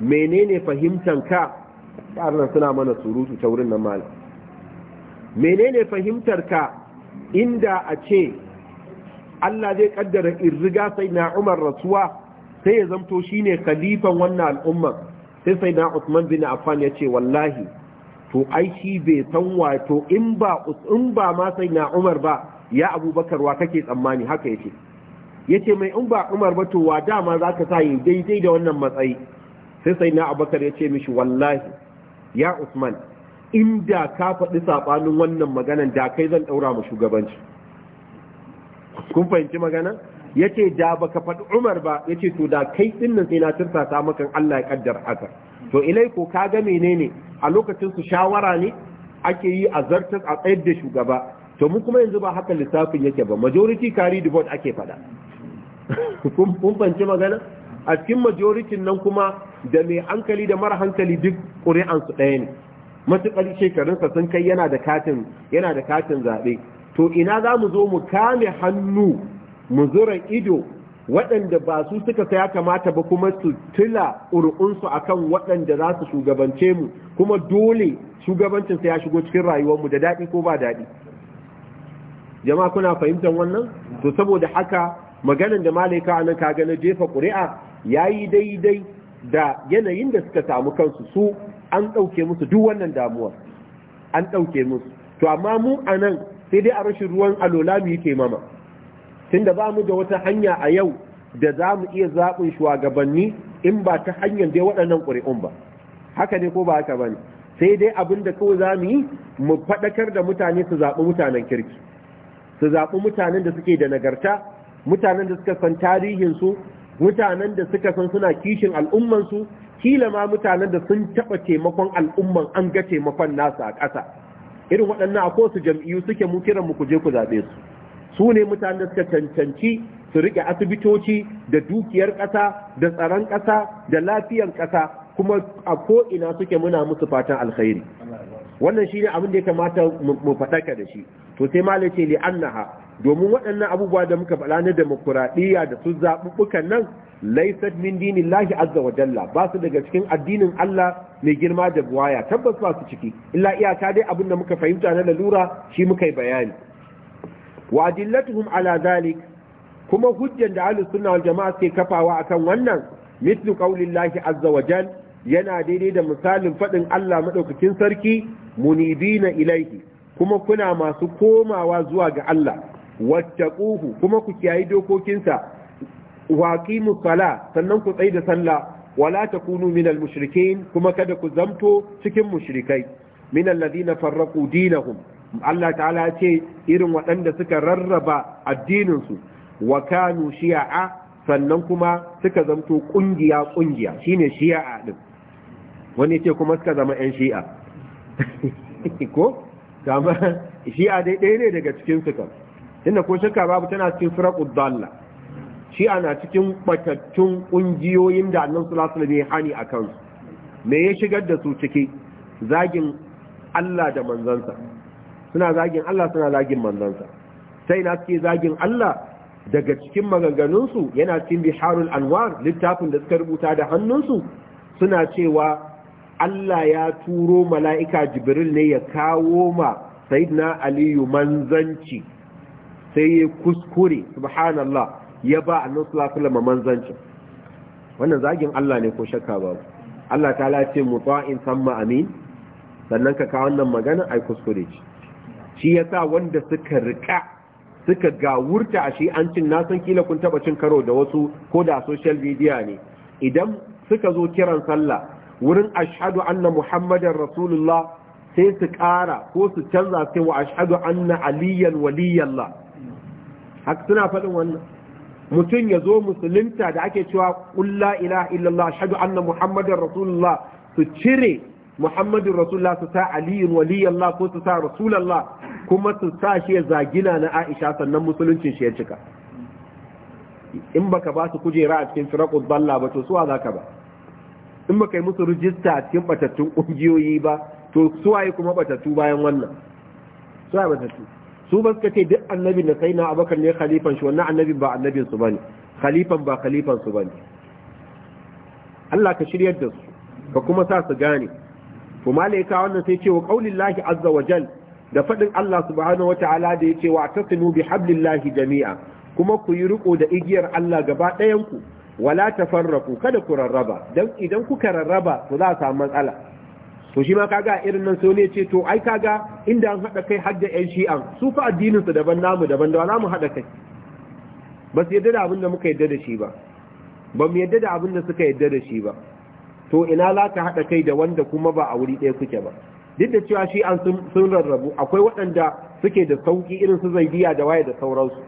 menene fahimtan ka yaran suna mana surutu ta wurin nan malam menene fahimtarka inda a ce Allah zai kaddara in riga sai na Umar rasuwa sai ya zamto shine khalifan wannan al'umma sai sai na Uthman bin Affan ya ce wallahi to ai shi bai san wato in ba in ba ma sai na Umar ba ya Abubakar wa kake tsammani haka yake yace mai in ba Umar ba to wa dama zaka sa yi daidai da wannan matsayi sai sai na Abubakar ya ce mishi wallahi ya Uthman inda ka faɗi saɓanin wannan maganan da kai zan ɗaura mu shugabanci kun fahimci magana ya ce da baka faɗi umar ba ya ce to da kai ɗinnan sai na tursa ta makan allah ya ƙaddar haka to ilai ko ka ga menene a lokacin su shawara ne ake yi a zartar a tsayar da shugaba to mu kuma yanzu ba haka lissafin yake ba majority carry the vote ake faɗa kun fahimci magana a cikin majority nan kuma da mai hankali da mara hankali duk ƙuri'ansu ɗaya ne matuƙar shekarunsa sun kai yana da katin yana da katin zaɓe to ina za mu zo mu kame hannu mu zura ido waɗanda ba su suka saya kamata ba kuma su tila ƙuri'unsu a kan waɗanda za su shugabance mu kuma dole shugabancinsa ya shigo cikin rayuwar mu da daɗi ko ba daɗi jama'a kuna fahimtar wannan to saboda haka maganan da malaika anan ka na jefa ƙuri'a ya yi daidai da yanayin da suka samu kansu su an ɗauke musu duk wannan damuwa an ɗauke musu to amma mu a nan sai dai a rashin ruwan alola mu yi taimama tunda ba mu da wata hanya a yau da za mu iya zaɓin shugabanni in ba ta hanyar dai waɗannan ƙuri'un ba haka ne ko ba haka ba ne sai dai abin da kawai za mu yi mu faɗakar da mutane su zaɓi mutanen kirki su zaɓi mutanen da suke da nagarta mutanen da suka san tarihinsu mutanen da suka san suna kishin al'ummansu kila ma mutanen da sun taɓa taimakon al'umman an ga taimakon nasa a ƙasa irin waɗannan a kowace jam'iyyu suke mu kiran mu ku je ku zaɓe su su ne mutanen da suka cancanci su riƙe asibitoci da dukiyar ƙasa da tsaron ƙasa da lafiyar ƙasa kuma a ko'ina suke muna musu fatan alkhairi wannan shine abin da ya kamata mu faɗaka da shi to sai malai ce li annaha domin waɗannan abubuwa da muka faɗa na demokuraɗiyya da su zaɓuɓɓukan nan Laisat min dinillahi azza wa jalla ba su daga cikin addinin Allah mai girma da buwaya tabbas ba su ciki illa iyaka dai abin da muka fahimta na lalura shi muka yi bayani wa adillatuhum ala zalik kuma hujjan da ahlus sunna wal jama'a suke kafawa akan wannan mithlu qaulillahi azza wa jal yana daidai da misalin fadin Allah madaukakin sarki munibina ilaihi kuma kuna masu komawa zuwa ga Allah wattaquhu kuma ku kiyayi dokokinsa Waƙi aqimu sannan ku da sallah wala takunu minal mushrikin kuma kada ku zamto cikin mushrikai minal ladina farraqu dinahum Allah ta'ala ya ce irin waɗanda suka rarraba addininsu wa kanu shi'a sannan kuma suka zamto ƙungiya ƙungiya shine shi'a din wani ce kuma suka zama 'yan shi'a ko kama shi'a dai ɗaya ne daga cikin suka tunda ko shakka babu tana cikin firaqud dalla Shi ana cikin batattun ƙungiyoyin da annan lasu ne hani a kansu me ya shigar da su ciki zagin Allah da manzansa suna zagin Allah suna zagin manzansa sai na suke zagin Allah daga cikin maganganunsu yana cikin biharul anwar littafin da suka rubuta da hannunsu suna cewa Allah ya turo mala'ika jibril ne ya kawo ma sayidina aliyu manzanci sai ya kuskure subhanallah ya ba a sallallahu alaihi ma manzanci. wannan zagin Allah ne ko shakka ba Allah ta lace in samma amin sannan ka kawo wannan magana a kuskure ce shi sa wanda suka rika suka gawurta a shi an cin nasan kila kun taba cin karo da wasu ko da social media ne idan suka zo kiran sallah wurin ashadu anna muhammadar rasulullah sai su kara ko su canza sai wa ashhadu anna aliyan waliyallah haka suna faɗin wannan mutum ya zo musulunta da ake cewa ƙulla ila illallah shadu anna muhammadin rasulullah su cire muhammadin rasulullah su sa aliyun waliyallah ko su sa rasulallah kuma su sa shi ya zagina na aisha sannan musuluncin shi ya cika in baka ba su kujera a cikin firakun balla ba to suwa za ka ba in baka yi musu rijista a cikin batattun ƙungiyoyi ba to suwaye kuma batattu bayan wannan suwaye batattu su ba suka ce duk annabi da sai na abokan ne khalifan shi wannan annabi ba annabin su bane khalifan ba khalifan su bane Allah ka shiryar da su ka kuma sa su gane to malaika wannan sai ce wa qaulillahi azza wa jal da fadin Allah subhanahu Ta'ala da yace wa tasnu bi hablillahi jami'a kuma ku yi riko da igiyar Allah gaba ɗayan ku wala tafarraqu kada ku rarraba dan idan kuka rarraba to za a samu matsala to shi ma kaga irin nan sai ne ce to ai kaga inda an hada kai hadda yan shi'an su fa addinin su daban namu daban da namu hada kai ba su yadda da abin da muka yadda da shi ba ba mu yadda da abin da suka yadda da shi ba to ina za ka hada kai da wanda kuma ba a wuri ɗaya kuke ba duk da cewa shi an sun rarrabu akwai waɗanda suke da sauki irin su zaidiya da waye da sauransu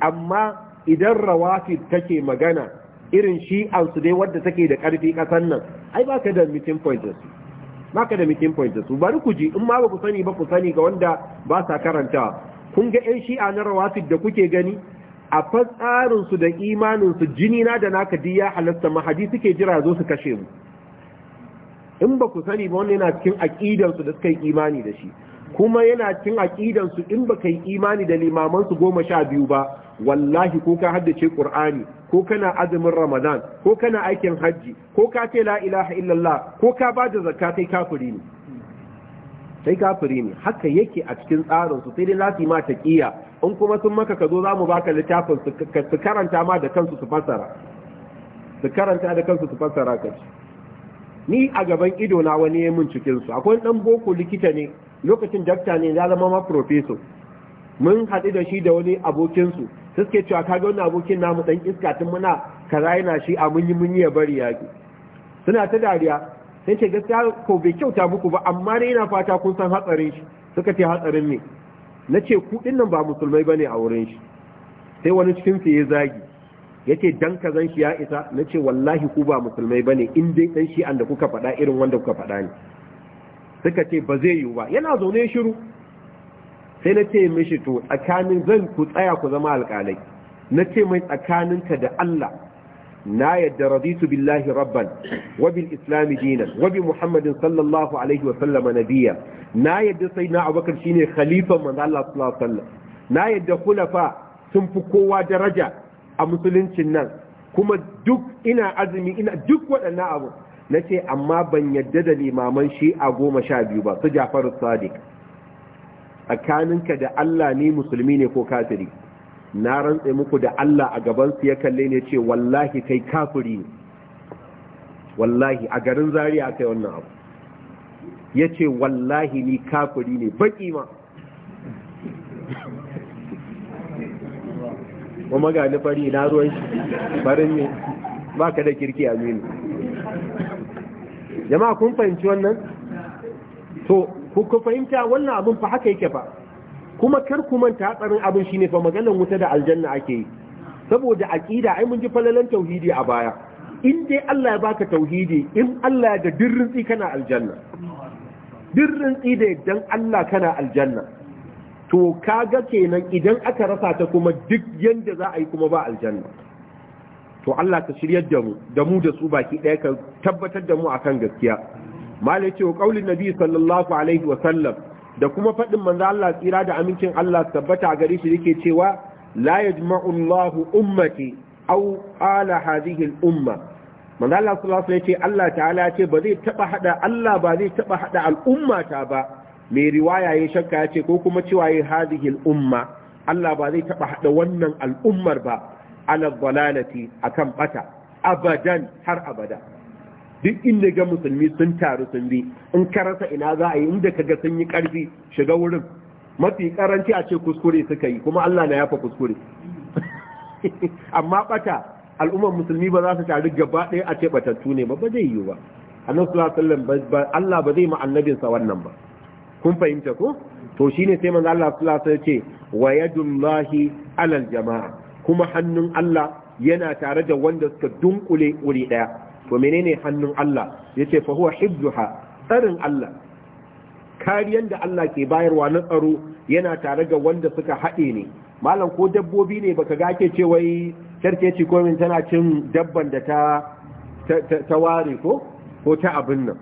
amma idan rawafid take magana irin shi su dai wadda take da ƙarfi ƙasan nan ai ba ka da meeting point maka da mikin point su bari ku ji in ma ba ku sani ba ku sani ga wanda ba sa karanta kun ga yan shi'a na rawatib da kuke gani a fatsarin su da imanin su jini na da naka ya halatta mahadi suke jira zo su kashe mu in ba ku sani ba wannan yana cikin aqidan su da suka yi imani da shi kuma yana cin aqidan su in baka yi imani da limaman su goma sha biyu ba wallahi ko ka haddace qur'ani ko kana azumin ramadan ko kana aikin hajji ko ka ce la ilaha illallah ko ka ba da zakka kai kafiri ne sai kafiri ne haka yake a cikin tsarin su sai dai za su yi mata taqiya in kuma sun maka ka zo za mu baka littafin su karanta ma da kansu su fassara su karanta da kansu su fassara ka ni a gaban ido na wani ya min cikin su akwai dan boko likita ne lokacin dakta ne ya zama ma profeso mun haɗu da shi da wani abokinsu suke cewa ka ga wani abokin namu ɗan iska tun muna karayana yana shi a munyi munyi ya bari yaƙi suna ta dariya sai ce gaskiya ko bai kyauta muku ba amma ne yana fata kun san hatsarin shi suka ce hatsarin ne na ce ku nan ba musulmai bane a wurin shi sai wani cikin su ya zagi ya ce dan ka zan shi ya isa na ce wallahi ku ba musulmai bane in dai ɗan shi'an da kuka faɗa irin wanda kuka faɗa ne suka ce ba zai yiwu ba yana zaune shiru sai na ce mishi to tsakanin zan ku tsaya ku zama alƙalai na ce mai tsakaninka da Allah na yadda raditu billahi rabban wa bil dinan wa bi muhammadin sallallahu alaihi wa sallama nabiyya na yadda sayyidina abokan shine khalifan manzo Allah sallallahu alaihi sallam. na yadda khulafa sun fi kowa daraja a musuluncin nan kuma duk ina azumi ina duk waɗannan abu na ce amma ban yadda da limaman shi a goma sha biyu ba su jafar sadiq tsakaninka da Allah ni musulmi ne ko kafiri na rantse muku da Allah a gabansu ya kalle ne ce wallahi kai kafiri ne wallahi a garin zariya kai wannan abu ya ce wallahi ni kafiri ne baki ma kuma ga fari na ruwan shi farin ne ba ka da kirki aminu jama'a kun fahimci wannan to ku fahimta wannan abin fa haka yake fa kuma kar ku manta hatsarin abin shine fa maganar wuta da aljanna ake yi saboda aqida ai mun ji falalan tauhidi a baya in dai Allah ya baka tauhidi in Allah ya da dirrin tsi kana aljanna dirrin tsi da dan Allah kana aljanna to kaga kenan idan aka rasa ta kuma duk yanda za a yi kuma ba aljanna to Allah ka shiryar da mu da mu da su baki ɗaya ka tabbatar da mu akan gaskiya malai ce kaulin nabi sallallahu alaihi wa sallam da kuma faɗin manzo Allah tsira da amincin Allah tabbata a gare shi yake cewa la yajma'u Allahu ummati aw ala hadhihi umma manzo Allah sallallahu alaihi Allah ta'ala ya ce ba zai taba haɗa Allah ba zai taba haɗa al'umma ta ba mai riwaya ya shakka ya ce ko kuma cewa ya hadhihi umma Allah ba zai taba haɗa wannan al'ummar ba ala dalalati akan bata abadan har abada duk inda ga musulmi sun taru sun bi in karasa ina za a yi inda kaga sun yi karfi shiga wurin mafi karanci a ce kuskure suka yi kuma Allah na yafa kuskure amma bata al'ummar musulmi ba za su taru gaba ɗaya a ce batattu ne ba ba zai yi ba annabi sallallahu alaihi wasallam Allah ba zai ma annabinsa wannan ba kun fahimta ko to shine sai manzo Allah sallallahu alaihi wasallam ce wa alal jama'a kuma hannun Allah yana tare da wanda suka dunkule wuri ɗaya. to menene hannun Allah yace fa huwa hibzuha tsarin Allah kariyan da Allah ke bayarwa na tsaro yana tare da wanda suka haɗe ne malam ko dabbobi ne baka ga ke ce wai ci ko min tana cin dabban da ta ta ware ko ko ta abin nan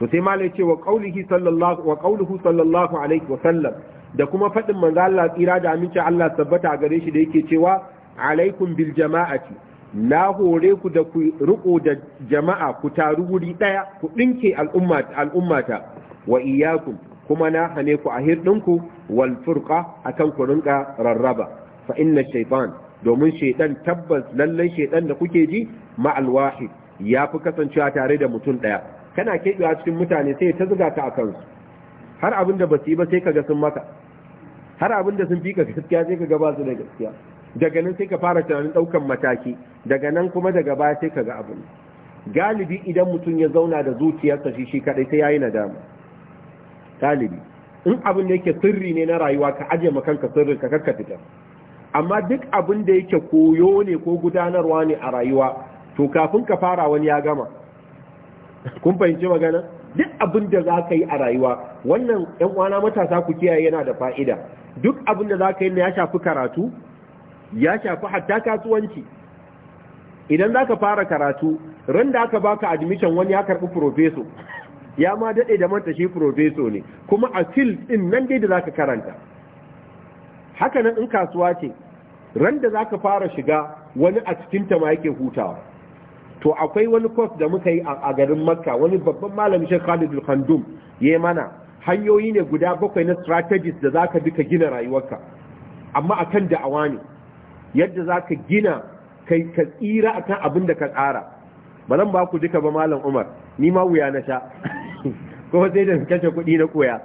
to sai malai ce wa qaulihi sallallahu wa qauluhu sallallahu alaihi wa sallam da kuma faɗin manzo Allah tsira da amince Allah tabbata a gare shi da yake cewa alaikum bil jama'ati na hore ku da ku riko da jama'a ku taru wuri daya ku dinke al'ummata al'ummata wa iyyakum kuma na hane ku a hirdinku wal furqa akan ku rinka rarraba fa inna shaytan domin shaytan tabbas lallai shaytan da kuke ji ma'al wahid ya fi kasancewa tare da mutum daya kana kebewa cikin mutane sai ta zuga ka akan har abin da basu yi ba sai kaga sun maka har abin da sun fi ka gaskiya sai ka gaba su da gaskiya daga nan sai ka fara tunanin ɗaukan mataki daga nan kuma daga baya sai ka ga abin galibi idan mutum ya zauna da zuciyarsa shi shi kadai sai yayi nadama galibi in abin da yake sirri ne na rayuwa ka aje ma kanka sirrin ka karka fita amma duk abin da yake koyo ne ko gudanarwa ne a rayuwa to kafin ka fara wani ya gama kun fahimci magana duk abin da za ka yi a rayuwa wannan yan uwana matasa ku kiyaye yana da fa'ida duk abin da za ka yi ya shafi karatu ya shafi hatta kasuwanci idan za ka fara karatu ran da aka baka admission wani ya karɓi profeso ya ma daɗe da manta shi profeso ne kuma a fil ɗin nan dai da za ka karanta haka nan in kasuwa ce ran da za ka fara shiga wani a cikin ta ma yake hutawa to akwai wani course da muka yi a garin makka wani babban malamin shi khalidul khandum ya mana hanyoyi ne guda bakwai na strategies da za ka bi ka gina rayuwarka amma akan da'awa ne yadda za ka gina kai ka tsira akan abin da ka tsara ba zan ba ku duka ba malam umar ni ma wuya na sha ko sai da kashe kuɗi na koya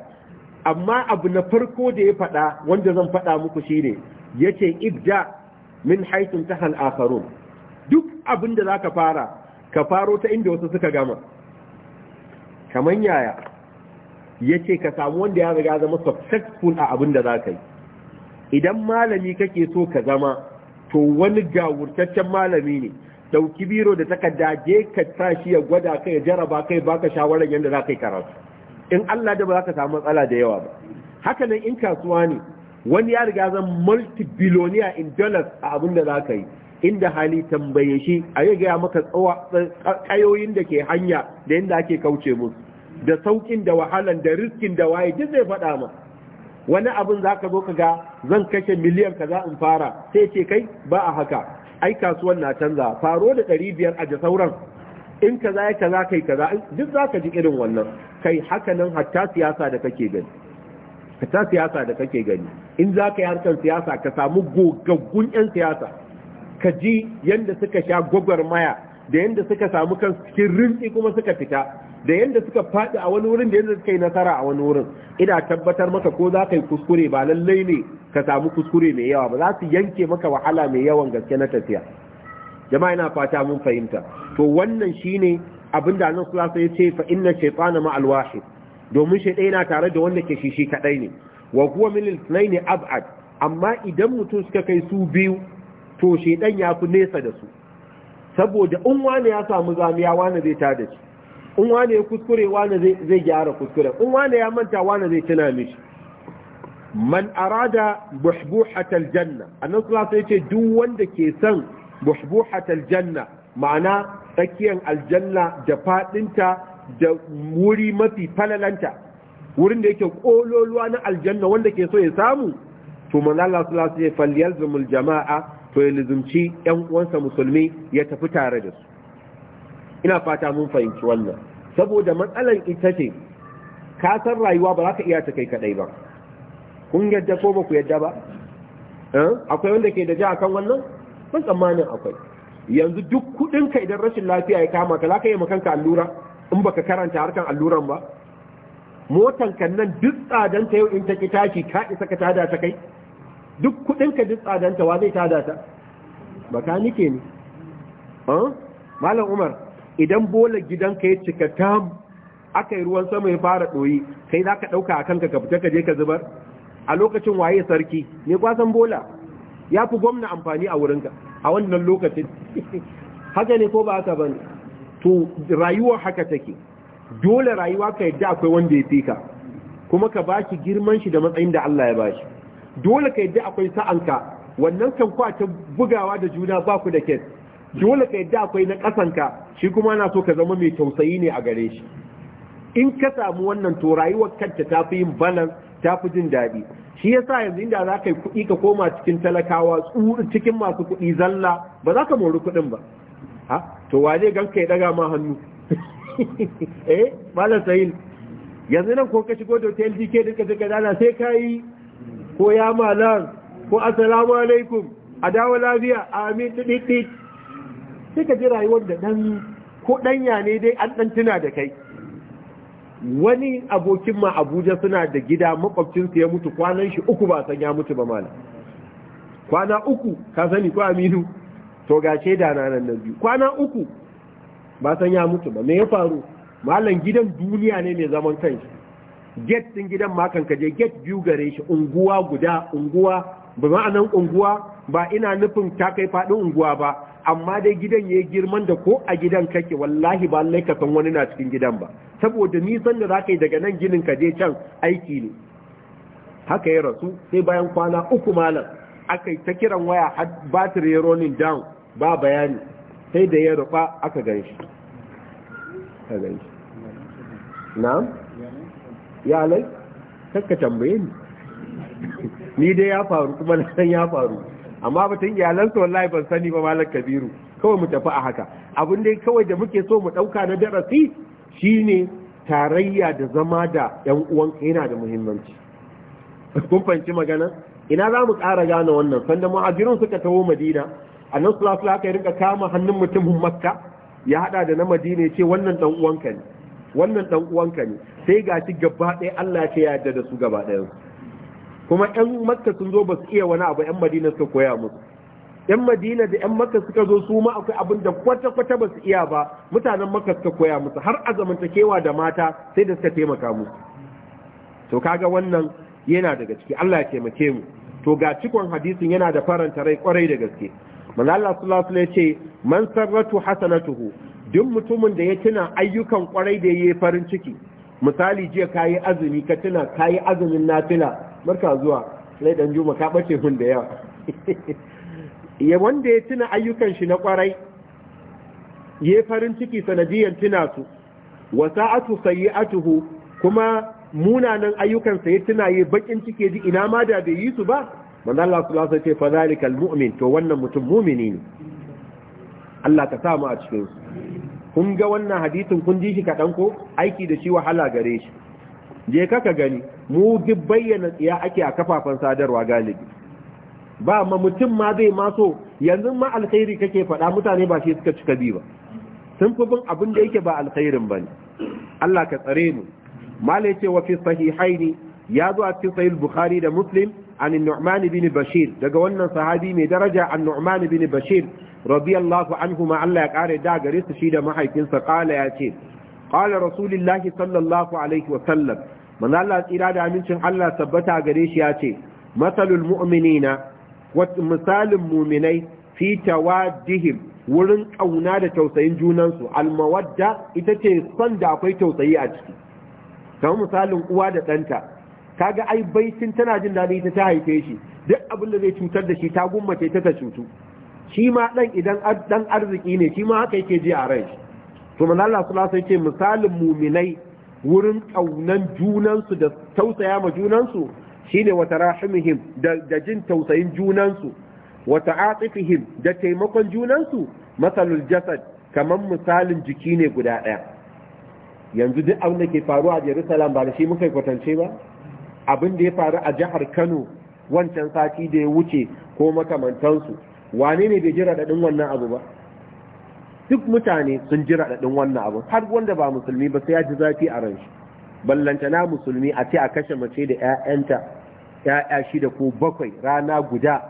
amma abu na farko da ya faɗa wanda zan faɗa muku shine yace ibda min haitun tahal akharun duk abin da zaka fara ka faro ta inda wasu suka gama kaman yaya ya ce ka samu wanda ya riga zama successful a abin da za ka yi idan malami kake so ka zama to wani gawurtaccen malami ne dauki biro da takarda je ka sa shi ya gwada kai ya jaraba kai baka shawarar yadda za ka yi karatu in Allah da ba za ka samu matsala da yawa ba haka nan in kasuwa ne wani ya riga zan multibillionaire in dollars a abin da za ka yi inda hali tambaye shi a yi gaya maka tsawa da ke hanya da yadda ake kauce musu da saukin da wahalan da riskin da waye duk zai faɗa ma wani abin za ka zo ka ga zan kashe miliyan ka za in fara sai ce kai ba a haka ai kasuwan na canza faro da ɗari biyar a da sauran in kaza ya kaza kai kaza duk za ka ji irin wannan kai haka nan hatta siyasa da kake gani hatta siyasa da kake gani in za ka yi harkar siyasa ka samu gogaggun 'yan siyasa ka ji yadda suka sha gwagwarmaya da yadda suka samu kan cikin rinsi kuma suka fita da yadda suka faɗi a wani wurin da yadda suka yi nasara a wani wurin ina tabbatar maka ko za ka yi kuskure ba lallai ne ka samu kuskure mai yawa ba za su yanke maka wahala mai yawan gaske na tafiya jama'a ina fata mun fahimta to wannan shine abin da nan sallallahu alaihi wasallam ya ce fa inna shaytana ma alwahid domin shaytan yana tare da wanda ke shishi kadai ne wa huwa min al ab'ad amma idan mutum suka kai su biyu to shaytan ya fi nesa da su saboda in ne ya samu zamiya wani zai ta da shi in wane ya kuskure wane zai gyara kuskure in wane ya manta wane zai tuna mishi man arada buhbuhatal janna annan sulasa yace duk wanda ke son buhbuhatal janna ma'ana tsakiyar aljanna da fadinta da wuri mafi falalanta wurin da yake kololuwa na aljanna wanda ke so ya samu to man Allah sulasa ya falyalzumul jama'a to ya lizumci yan uwansa musulmi ya tafi tare da su ina fata mun fahimci wannan saboda matsalan ita ce ka san rayuwa ba za ka iya ta kai kadai ba kun yadda ko ba ku yadda ba eh? akwai wanda ke da ji akan wannan ban tsammanin akwai yanzu duk kudin ka idan rashin lafiya ya kama ka za ka yi kanka allura in baka karanta harkan alluran ba motan kan nan duk tsadanta yau in ta ki tashi ka isa ka tada ta kai duk kudin ka duk tsadanta wa zai tada ta makanike ne eh? malam umar idan bola gidanka ya cika tam aka yi ruwan sama ya fara ɗoyi kai za ka ɗauka a kanka ka fita ka je ka zubar a lokacin waye sarki ne kwasan bola ya fi gwamna amfani a wurinka a wannan lokacin haka ne ko ba haka ba to rayuwar haka take dole rayuwa ka yadda akwai wanda ya fi ka kuma ka ba shi girman shi da matsayin da Allah ya ba shi dole ka yadda akwai sa'anka wannan kan ta bugawa da juna ba ku da kes dole ka yadda akwai na kasanka shi kuma na so ka zama mai tausayi ne a gare shi in ka samu wannan to rayuwar kanta ta fi yin balan ta fi jin daɗi shi yasa yanzu inda za ka yi kuɗi ka koma cikin talakawa cikin masu kuɗi zalla ba za ka mori kuɗin ba ha to wa zai ganka ya ɗaga ma hannu eh malam sahil yanzu nan ko ka shigo da hotel dk duka duka dana sai ka yi ko ya malam ko assalamu alaikum a dawo lafiya amin ɗiɗiɗi sai ka ji rayuwar da ɗan ko ɗanya ne dai an ɗan tuna da kai wani abokin ma abuja suna da gida makwabcinsu ya mutu kwanan shi uku ba san ya mutu ba malam kwana uku ka sani ko aminu to ga da nanan nan nan biyu kwana uku ba san ya mutu ba me ya faru malam gidan duniya ne mai zaman kanshi get din gidan ma kan kaje get biyu gare shi unguwa guda unguwa ba ma'anan unguwa ba ina nufin ta kai faɗin unguwa ba amma dai gidan ya girman da ko a gidan kake wallahi ba lallai ka san wani na cikin gidan ba saboda nisan da zaka yi daga nan ginin ka je can aiki ne haka ya rasu sai bayan kwana uku malam aka yi ta kiran waya har battery ya running down ba bayani sai da ya rufa aka ganshi ka na ya lai ka tambaye ni ni dai ya faru kuma na san ya faru amma batun iyalansa wallahi ban sani ba malam kabiru kawai mu tafi a haka abin da kawai da muke so mu ɗauka na darasi shine tarayya da zama da yan uwan yana da muhimmanci kun fahimci magana ina za mu ƙara gane wannan sanda muhajirin suka taho madina annan sulasu aka rinka kama hannun mutumin makka ya hada da na madina ya ce wannan dan uwanka ne wannan dan uwanka ne sai ga shi gaba ɗaya Allah ya yarda da su gaba ɗaya kuma yan makka sun zo ba su iya wani abu yan madina suka koya musu yan madina da yan makka suka zo su ma akwai abin da kwata kwata ba su iya ba mutanen makka suka koya musu har a da mata sai da suka taimaka musu to kaga wannan yana daga ciki Allah ya taimake mu to ga cikon hadisin yana da faranta rai kwarai da gaske manzo Allah sallallahu alaihi ce man sarratu hasanatuhu duk mutumin da ya tuna ayyukan kwarai da yayi farin ciki misali jiya kayi azumi ka tuna kayi azumin nafila barka zuwa lai dan juma ka bace hun da yawa ya wanda ya tuna ayyukan shi na kwarai ya farin ciki sanadiyan tuna su wa sa'atu sayyi'atuhu kuma munanan ayyukan sa ya tuna ya bakin ciki ji ina ma da bai yi su ba manzo Allah sallallahu alaihi wasallam ce fa zalikal mu'min to wannan mutum mu'mini ne Allah ka sa a cikin kun ga wannan hadisin kun ji shi kaɗan ko aiki da shi wahala gare shi je kaka gani mu duk bayyana tsiya ake a kafafen sadarwa galibi ba ma mutum ma zai maso yanzu ma alkhairi kake faɗa mutane ba shi suka cika bi ba sun fi bin abin da yake ba alkhairin ba ne Allah ka tsare mu mala ce wa fi sahihaini ya zo a cikin sahih bukhari da muslim an nu'man bin bashir daga wannan sahabi mai daraja an nu'man bin bashir radiyallahu anhu ma Allah ya kare da gare su shi da mahaifinsa kala ya ce qala rasulullahi sallallahu alaihi wa sallam manzo Allah tsira da amincin Allah tabbata gare shi ya ce masalul mu'minina wa misalin mu'minai fi tawaddihim wurin kauna da tausayin junansu almawadda ita ce son da akwai tausayi a ciki kamar misalin uwa da ɗanta kaga ai baitin tana jin daɗi ita ta haife shi duk abin da zai cutar da shi ta gummace ta ta cutu shi ma dan idan dan arziki ne shi ma haka yake ji a rai to manzo Allah sallallahu alaihi wasallam ce misalin mu'minai wurin ƙaunan junansu da tausaya ma junansu shine wa tarahimihim da jin tausayin junansu wa ta'atifihim da taimakon junansu masalul jasad kamar misalin jiki ne guda ɗaya yanzu duk abin da ke faruwa a Jerusalem ba da shi muka kwatance ba abin da ya faru a jihar Kano wancan sati da ya wuce ko makamantansu wane ne bai ji raɗaɗin wannan abu ba duk mutane sun ji raɗaɗin wannan abun. har wanda ba musulmi ba sai ya ji zafi a ran shi na musulmi a ce a kashe mace da 'ya'yanta 'ya'ya shida ko bakwai rana guda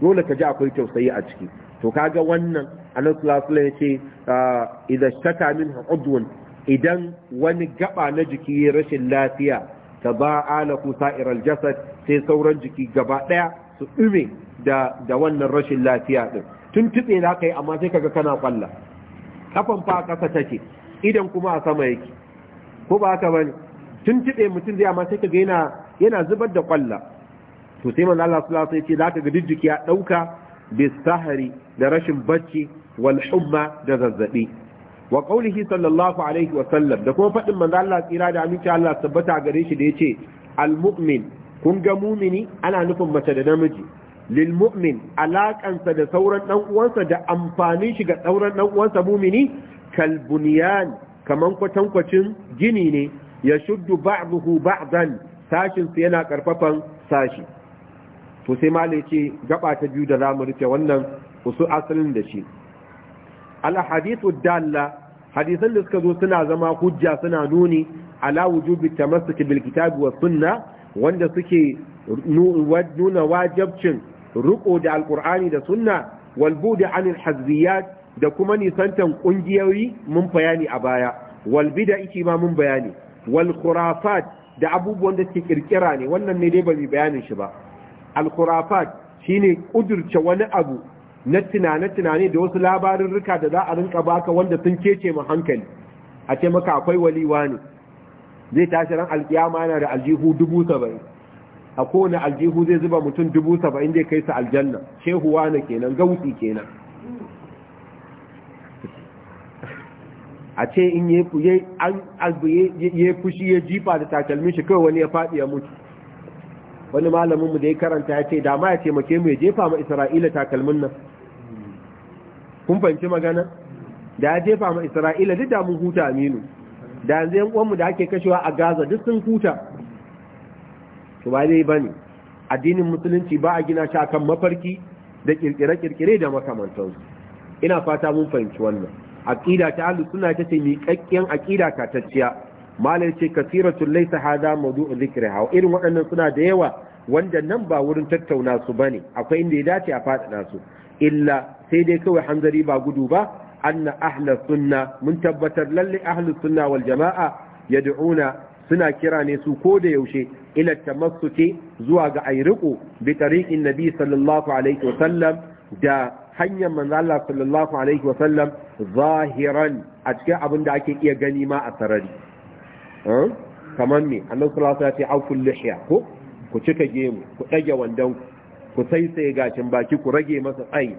dole ka ji akwai tausayi a ciki to kaga wannan annabi sallallahu alaihi ce ah, idan shaka min udwan idan wani gaba na jiki ya rashin lafiya ta ba'a lahu sa'iral jasad sai sauran jiki gaba daya su dume da da wannan rashin lafiya ɗin. tun tutse za ka yi amma sai kaga kana kwalla kafan fa kasa take idan kuma a sama yake ko ba haka bane tun tutse mutum zai amma sai kaga yana yana zubar da kwalla to sai manzo Allah sallallahu alaihi wasallam ya ce za ga dijjiki ya dauka sahari da rashin bacci wal humma da zazzabi wa qawlihi sallallahu alaihi wasallam da kuma fadin manzo Allah tsira da aminci Allah tabbata gare shi da yace al mu'min kun ga mumini ana nufin mace da namiji lil mu'min alaƙansa da sauran ɗan uwansa da amfanin shi ga sauran ɗan uwansa mumini kal bunyan kaman kwatankwacin gini ne ya shuddu ba'dahu ba'dan sashin su yana karfafan sashi to sai ce gaba ta biyu da zamu rufe wannan usu asalin da shi al hadithu dalla hadisan da suka zo suna zama hujja suna nuni ala wujubi tamassuki bil kitabi was sunna wanda suke nuna wajibcin ruko da alkur'ani da sunna wal budi anil hazbiyat da kuma nisantan kungiyoyi mun bayani a baya wal bid'a shi ma mun bayani wal da abubuwan da suke kirkira ne wannan ne dai ba mu bayanin shi ba al khurafat shine kudurce wani abu na tunane-tunane da wasu labarin rika da za a rinka baka wanda sun kece mu hankali a ce maka akwai waliwa ne zai tashi ran alkiyama yana da aljihu dubu saba'in a kowane aljihu zai zuba mutum dubu saba'in zai kai su aljanna shehuwa na kenan gauti kenan a ce in ya fushi ya jifa da takalmin shi kawai wani ya faɗi ya mutu wani malaminmu da ya karanta ya ce dama ya taimake mu ya jefa ma isra'ila takalmin nan kun fahimci magana da ya jefa ma isra'ila duk da mun huta aminu da yanzu yan uwanmu da ake kashewa a gaza duk sun huta to ba dai addinin musulunci ba a gina shi akan mafarki da kirkire-kirkire da makamantansu ina fata mun fahimci wannan aqida ta ahlus sunna ta ce miƙaƙƙen aqida katacciya malai ce kasiratul laysa hada mawdu'u dhikriha irin waɗannan suna da yawa wanda nan ba wurin tattauna su bane akwai inda ya dace a faɗaɗa su illa sai dai kawai hanzari ba gudu ba anna ahlus sunna mun tabbatar lalle ahlus sunna wal jama'a yad'una suna kira ne su ko da yaushe ila tamassuki zuwa ga ayriqu bi tariqin nabi sallallahu alaihi wa sallam da hanyar manzo Allah sallallahu alaihi wa sallam zahiran a cikin abin da ake iya gani ma a sarari kamar me Allah sallallahu alaihi wa sallam ya ce ko ku cika gemu ku dage wandon ku sai sai gashin baki ku rage masa tsayi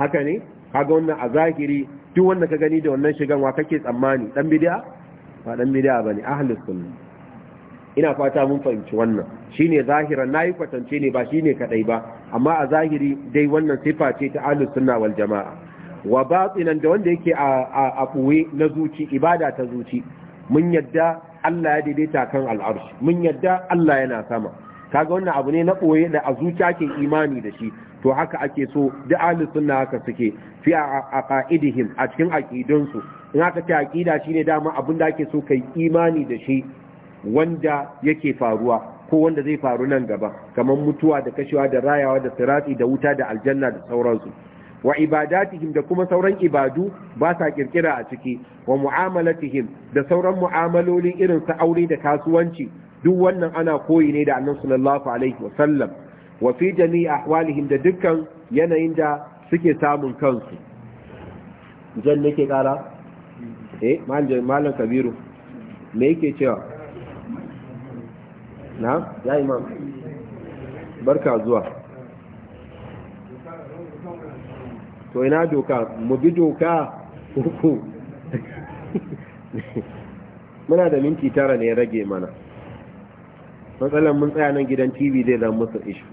haka ne kaga wannan a zahiri duk wanda ka gani da wannan shigan wa kake tsammani dan bid'a ba dan bid'a bane ahlus ina fata mun fahimci wannan shine zahiran yi kwatance ne ba shine kaɗai ba amma a zahiri dai wannan sifa ce ta ahlus sunna wal jamaa wa batinan da wanda yake a buye na zuci ibada ta zuci mun yadda Allah ya daidaita kan al'arshi mun yadda Allah yana sama kaga wannan abu ne na boye da a zuciya ke imani da shi to haka ake so da ahli sunna haka suke fi a aqaidihim a cikin aqidunsu in aka ce aqida shine dama abin da ake so kai imani da shi wanda yake faruwa ko wanda zai faru nan gaba kamar mutuwa da kashewa da rayawa da sirati da wuta da aljanna da sauransu wa ibadatihim da kuma sauran ibadu ba sa kirkira a ciki wa mu'amalatihim da sauran mu'amaloli irin sa aure da kasuwanci duk wannan ana koyi ne da annabi sallallahu alaihi wasallam wa fi jami'i ahwalihim da dukkan yanayin da suke samun kansu jan nake kara eh malam kabiru me yake cewa na ya imam barka zuwa to ina doka mu bi doka muna da minti tara ne rage mana matsalan mun tsaya nan gidan tv zai zama musu ishu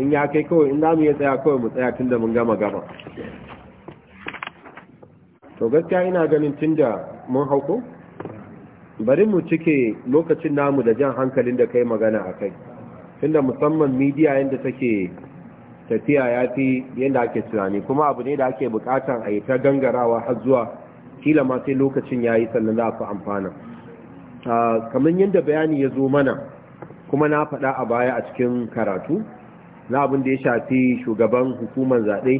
in ya kai kawai in za mu iya tsaya kawai mu tsaya tun da mun gama gama to gaskiya ina ganin tunda mun hauko bari mu cike lokacin namu da jan hankalin da kai magana a kai tunda musamman midiya yadda take tafiya ya fi yadda ake tunani kuma abu ne da ake bukatan a yi ta gangarawa har zuwa kila ma sai lokacin ya yi sannan za a fi amfana kamar yadda bayani ya zo mana kuma na faɗa a baya a cikin karatu na abin da ya shafi shugaban hukumar zaɓe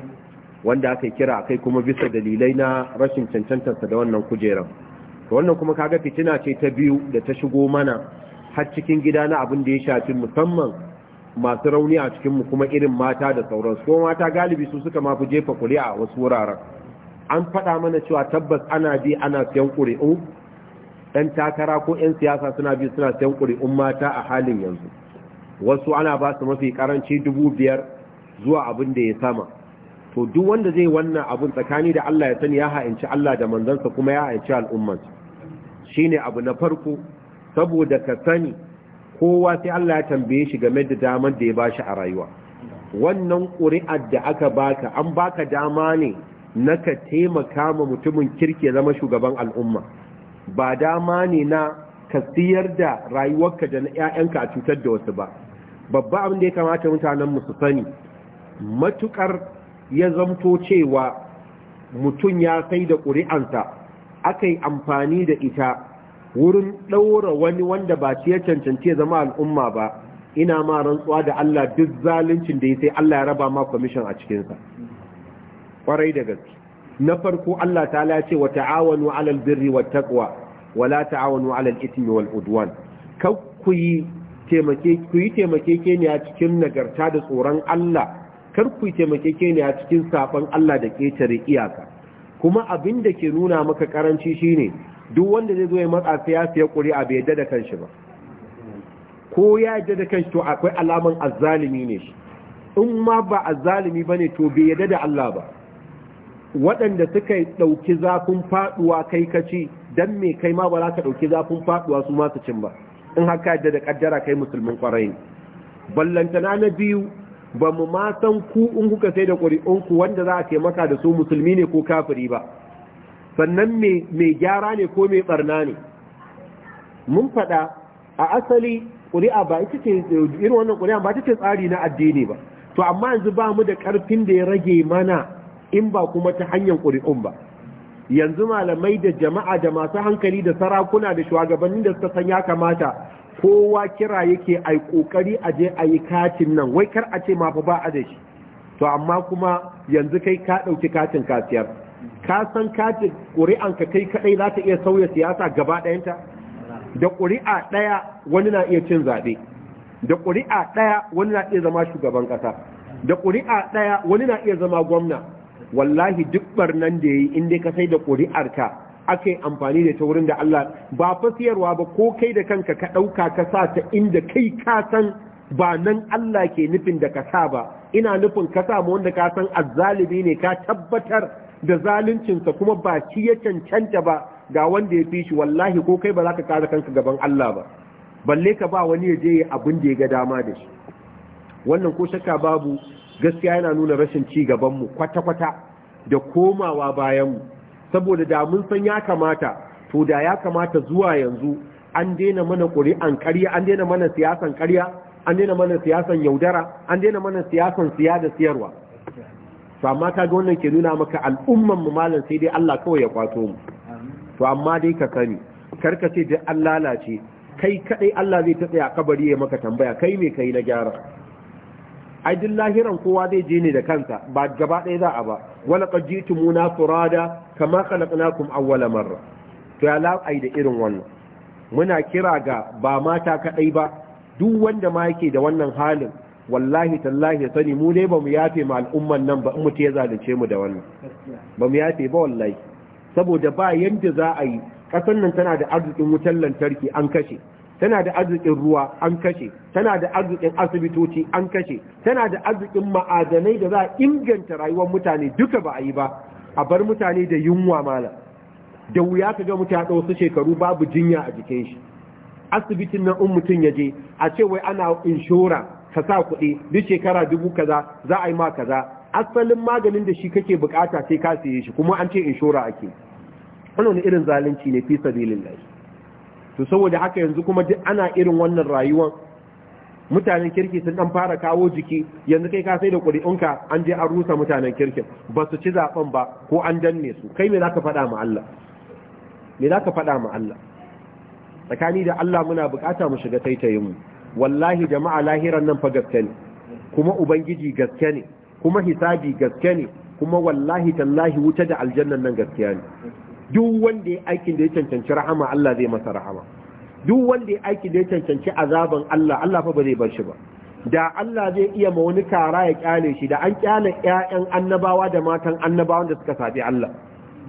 wanda aka kira akai kuma bisa dalilai na rashin cancantarsa da wannan kujeran to wannan kuma kaga fitina ce ta biyu da ta shigo mana har cikin gida na abin da ya shafi musamman masu rauni a cikin mu kuma irin mata da sauransu ko mata galibi su suka mafi jefa kuri'a a wasu wuraren an faɗa mana cewa tabbas ana bi ana siyan kuri'u ɗan takara ko 'yan siyasa suna bi suna siyan kuri'un mata a halin yanzu wasu ana ba su mafi karanci dubu biyar zuwa abin da ya sama to duk wanda zai wannan abun tsakani da Allah ya sani ya ha'inci Allah da manzansa kuma ya ha'inci al'ummansa shine abu na farko saboda ka sani kowa sai Allah ya tambaye shi game da damar da ya ba shi a rayuwa wannan ƙuri'ar da aka baka an baka dama ne na ka taimaka ma mutumin kirki ya zama shugaban al'umma ba dama ne na ka siyar da rayuwarka da na 'ya'yanka a cutar da wasu ba babba abin da ya kamata mutanen mu su sani matukar ya zamto cewa mutum ya sai da ƙuri'ansa aka yi amfani da ita wurin ɗaura wani wanda ba ya cancanci ya zama al'umma ba ina ma rantsuwa da Allah duk zaluncin da ya sai Allah ya raba ma kwamishin a cikinsa ƙwarai da gaske na farko Allah ta ya ce wa ta'awanu alal birri wa taqwa wa la ta'awanu alal ithmi wal kau ku yi taimake ku yi cikin nagarta da tsoron Allah kar ku ne a cikin saban Allah da ƙetare iyaka kuma abin da ke nuna maka karanci shine duk wanda zai zo ya matsa sai ya kuri a bai yadda da kanshi ba ko ya yadda da kanshi to akwai alaman azzalimi ne shi in ma ba azzalimi bane to bai yadda da Allah ba waɗanda suka ɗauki zafin faɗuwa kai kaci dan me kai ma ba za ka ɗauki zafin faɗuwa su masu cin ba in haka yadda da ƙaddara kai musulmin ƙwarai ballantana na biyu ba mu ma san ku in kuka sai da ƙuri'unku wanda za a taimaka da su musulmi ne ko kafiri ba sannan mai gyara ne ko mai barna ne mun faɗa a asali ƙuri'a ba ita ce irin wannan ƙuri'a ba ita ce tsari na addini ba to amma yanzu ba mu da ƙarfin da ya rage mana in ba kuma ta hanyar ƙuri'un ba yanzu malamai da jama'a da masu hankali da sarakuna da shugabannin da suka san ya kamata kowa kira yake ai kokari a je a yi katin nan wai kar a ce ma fa ba a da shi to amma kuma yanzu kai ka ɗauki katin kasiyar ka san katin ƙuri'an ka kai kaɗai za ta iya sauya siyasa gaba ɗayanta da ƙuri'a ɗaya wani na iya cin zaɓe da ƙuri'a ɗaya wani na iya zama shugaban ƙasa da ƙuri'a ɗaya wani na iya zama gwamna wallahi duk barnan da ya yi inda ka sai da ƙuri'ar ka. aka yi amfani da ta wurin da Allah ba fasiyarwa ba ko kai da kanka ka ɗauka ka sa ta inda kai ka san ba nan Allah ke nufin da ka sa ba ina nufin ka sa wanda ka san azzalimi ne ka tabbatar da zaluncinsa kuma ba shi ya cancanta ba ga wanda ya fi shi wallahi ko kai ba za ka kare kanka gaban Allah ba balle ka ba wani ya je ya abin da ya ga dama da shi wannan ko shakka babu gaskiya yana nuna rashin ci gaban mu kwata-kwata da komawa bayan mu saboda da mun san ya kamata to da ya kamata zuwa yanzu an daina mana ƙuri'an ƙarya an daina mana siyasan ƙarya an daina mana siyasan yaudara an daina mana siyasan siya da siyarwa to amma ga wannan ke nuna maka al'umman mu malam sai dai Allah kawai ya kwato mu to amma dai ka sani karka ce dai an lalace kai kadai Allah zai ta tsaya kabari ya maka tambaya kai me kai na gyara ai duk lahiran kowa zai je ne da kansa ba gaba ɗaya za a ba wala qad jitumuna furada kama khalaqnakum awwala marra to ya la'ai da irin wannan muna kira ga ba mata kadai ba duk wanda ma yake da wannan halin wallahi tallahi sani mu ne bamu yafe ma al'umman nan ba mu ya zalunce mu da wannan bamu yafe ba wallahi saboda ba yanda za a yi ƙasar nan tana da arzikin wutar lantarki an kashe tana da arzikin ruwa an kashe tana da arzikin asibitoci an kashe tana da arzikin ma'adanai da za a inganta rayuwar mutane duka ba a yi ba a bar mutane da yunwa malam da wuya ka ga mutane wasu shekaru babu jinya a jikin shi asibitin nan in mutum ya je a ce wai ana inshora ka sa kuɗi duk shekara dubu kaza za a yi ma kaza asalin maganin da shi kake bukata sai ka siye shi kuma an ce inshora ake wannan irin zalunci ne fi sabilillah to saboda haka yanzu kuma duk ana irin wannan rayuwar mutanen kirki sun dan fara kawo jiki yanzu kai ka sai da ƙuri'unka an je an rusa mutanen kirkin ba su ci zaben ba ko an danne su kai me ka faɗa ma Allah me ka faɗa ma Allah tsakani da Allah muna bukata mu shiga taitayin mu wallahi jama'a lahiran nan fa gaske ne kuma ubangiji gaske ne kuma hisabi gaske ne kuma wallahi tallahi wuta da aljannan nan gaskiya ne duk wanda ya aikin da ya cancanci rahama Allah zai masa rahama duk wanda ya aiki da ya cancanci azaban Allah Allah fa ba zai bar shi ba da Allah zai iya ma wani kara ya kyale shi da an kyale ƴaƴan annabawa da matan annabawan da suka sabi Allah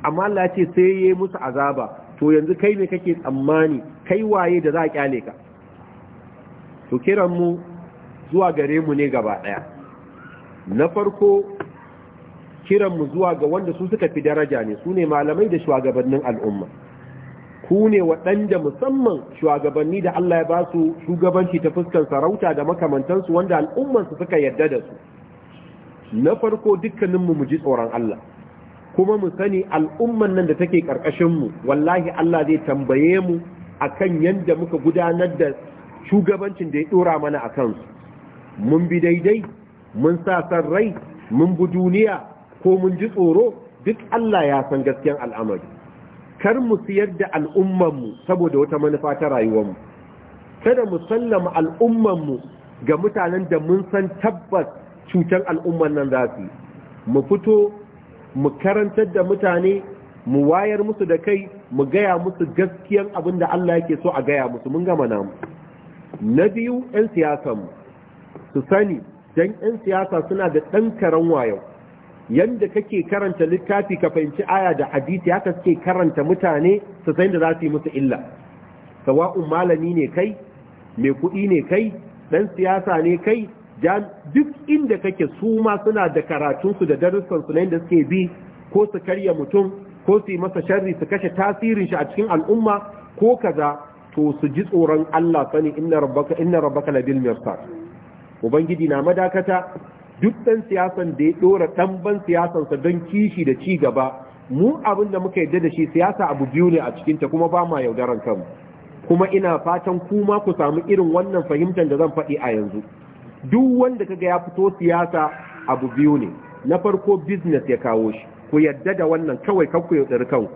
amma Allah ya ce sai yayi musu azaba to yanzu kai ne kake tsammani kai waye da za a kyale ka to kiran mu zuwa gare mu ne gaba daya na farko kiran mu zuwa ga wanda su suka fi daraja ne su ne malamai da shugabannin al'umma ku ne waɗanda musamman shugabanni da Allah ya ba su shugabanci ta fuskan sarauta da makamantansu wanda al'ummarsu suka yadda da su na farko dukkaninmu mu ji tsoron Allah kuma mu sani al'umman nan da take ƙarƙashinmu wallahi Allah zai tambaye mu akan yadda muka gudanar da shugabancin da ya ɗora mana a kansu mun bi daidai mun sa san rai mun bi duniya ko mun ji tsoro duk Allah ya san gaskiyan al'amari kar mu siyar da al'ummanmu saboda wata manufa ta rayuwar mu, kada mu sallama al'ummanmu ga mutanen da mun san tabbas cutar al'umman nan za su mu fito mu karantar da mutane mu wayar musu da kai mu gaya musu gaskiyan abin da Allah yake so a gaya musu mun gama namu na biyu 'yan siyasanmu su sani don 'yan siyasa suna da ɗan karen wayo yanda kake karanta littafi ka fahimci aya da hadisi haka suke karanta mutane su san da za su yi musu illa sawa'un malami ne kai mai kuɗi ne kai dan siyasa ne kai duk inda kake su ma suna da karatunsu da darussansu ne da suke bi ko su karya mutum ko su masa sharri su kashe tasirin shi a cikin al'umma ko kaza to su ji tsoron Allah sani inna rabbaka inna rabbaka labil mirsad ubangiji na madakata duk ɗan siyasan da ya ɗora ɗan siyasansa don kishi da ci gaba mu abin da muka yadda da shi siyasa abu biyu ne a cikinta kuma ba ma yaudaran kanmu kuma ina fatan kuma ku samu irin wannan fahimtar da zan faɗi a yanzu duk wanda kaga ya fito siyasa abu biyu ne na farko business ya kawo shi ku yadda da wannan kawai kan ku yaudari kanku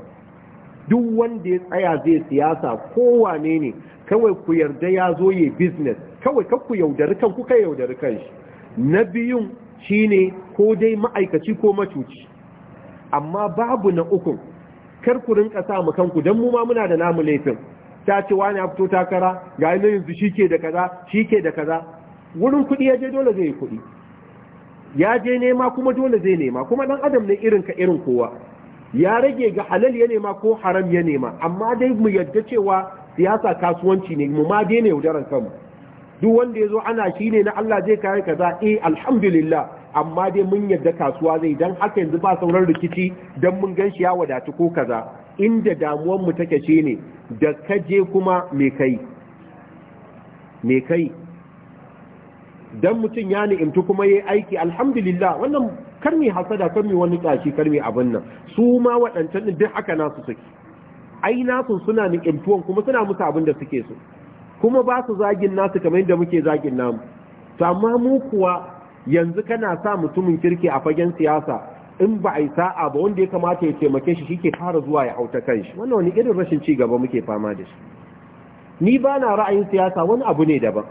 duk wanda ya tsaya zai siyasa kowane ne kawai ku yarda ya zo yi business kawai kan ku yaudari kanku kai yaudari kanshi na biyun shi ne, ko dai ma'aikaci ko macuci amma babu na ukun kar ku rinka mu kanku dan mu ma muna da namu laifin ta ce wani ya fito takara ga ina yanzu ke da kaza shi ke da kaza wurin kuɗi ya je dole zai yi kuɗi ya je nema kuma dole zai nema kuma ɗan adam ne irin ka irin kowa ya rage ga halal ya nema ko haram ya nema amma dai mu yadda cewa siyasa kasuwanci ne mu ma daina yaudarar kanmu duk wanda ya zo ana shi ne na Allah zai kare kaza eh alhamdulillah amma dai mun yarda kasuwa zai don haka yanzu ba sauran rikici don mun gan shi ya wadatu ko kaza inda damuwar mu take shi ne da ka je kuma me kai me kai dan mutum ya ni'imtu kuma yayi aiki alhamdulillah wannan kar mi hasada kar mi wani kashi kar mi abin nan su ma waɗancan duk haka nasu suke ai nasu suna ni'imtuwan kuma suna musu abin da suke so kuma ba su zagin nasu kamar yadda muke zagin namu to amma mu kuwa yanzu kana sa mutumin kirki a fagen siyasa in ba a yi sa'a ba wanda ya kamata ya taimake shi shike fara zuwa ya auta shi. wannan wani irin rashin ci gaba muke fama da shi ni ba na ra'ayin siyasa wani abu ne daban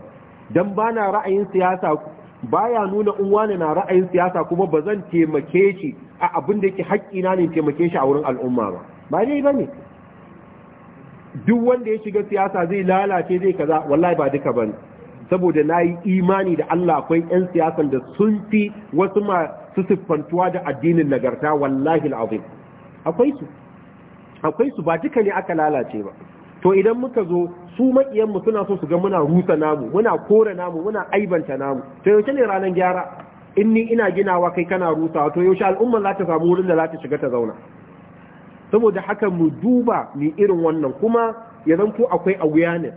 dan ba na ra'ayin siyasa baya nuna in wani na ra'ayin siyasa kuma ba zan taimake shi a abin da yake haƙƙina ne taimake shi a wurin al'umma ba ba dai ba ne duk wanda ya shiga siyasa zai lalace zai kaza wallahi ba duka bane saboda na imani da Allah akwai 'yan siyasan da sun fi wasu ma su siffantuwa da addinin nagarta wallahi al'azim akwai su akwai su ba duka ne aka lalace ba to idan muka zo su maƙiyanmu suna so su ga muna rusa namu muna kore namu muna aibanta namu to yaushe ne ranar gyara in ni ina ginawa kai kana rusawa to yaushe al'umma za ta samu wurin da za ta shiga ta zauna saboda haka mu duba ni irin wannan kuma ya zanto akwai awareness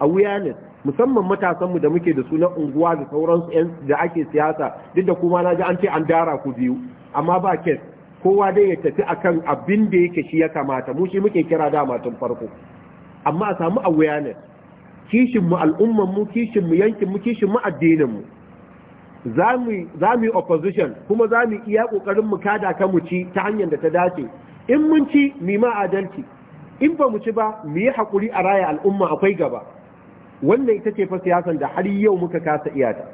awareness musamman matasan mu da muke da sunan unguwa da sauransu yan da ake siyasa duk da kuma na ji an ce an dara ku biyu amma ba kes kowa dai ya tafi akan abin da yake shi ya kamata mu shi muke kira da matan farko amma a samu awareness kishin mu al'umman mu kishin mu yankin mu kishin mu addinin mu za mu yi opposition kuma za mu iya kokarin mu kada ka mu ci ta hanyar da ta dace in mun ci mi ma adalci in ba mu ci ba mu yi haƙuri a raya al'umma akwai gaba wannan ita ce fa siyasan da har yau muka kasa iyata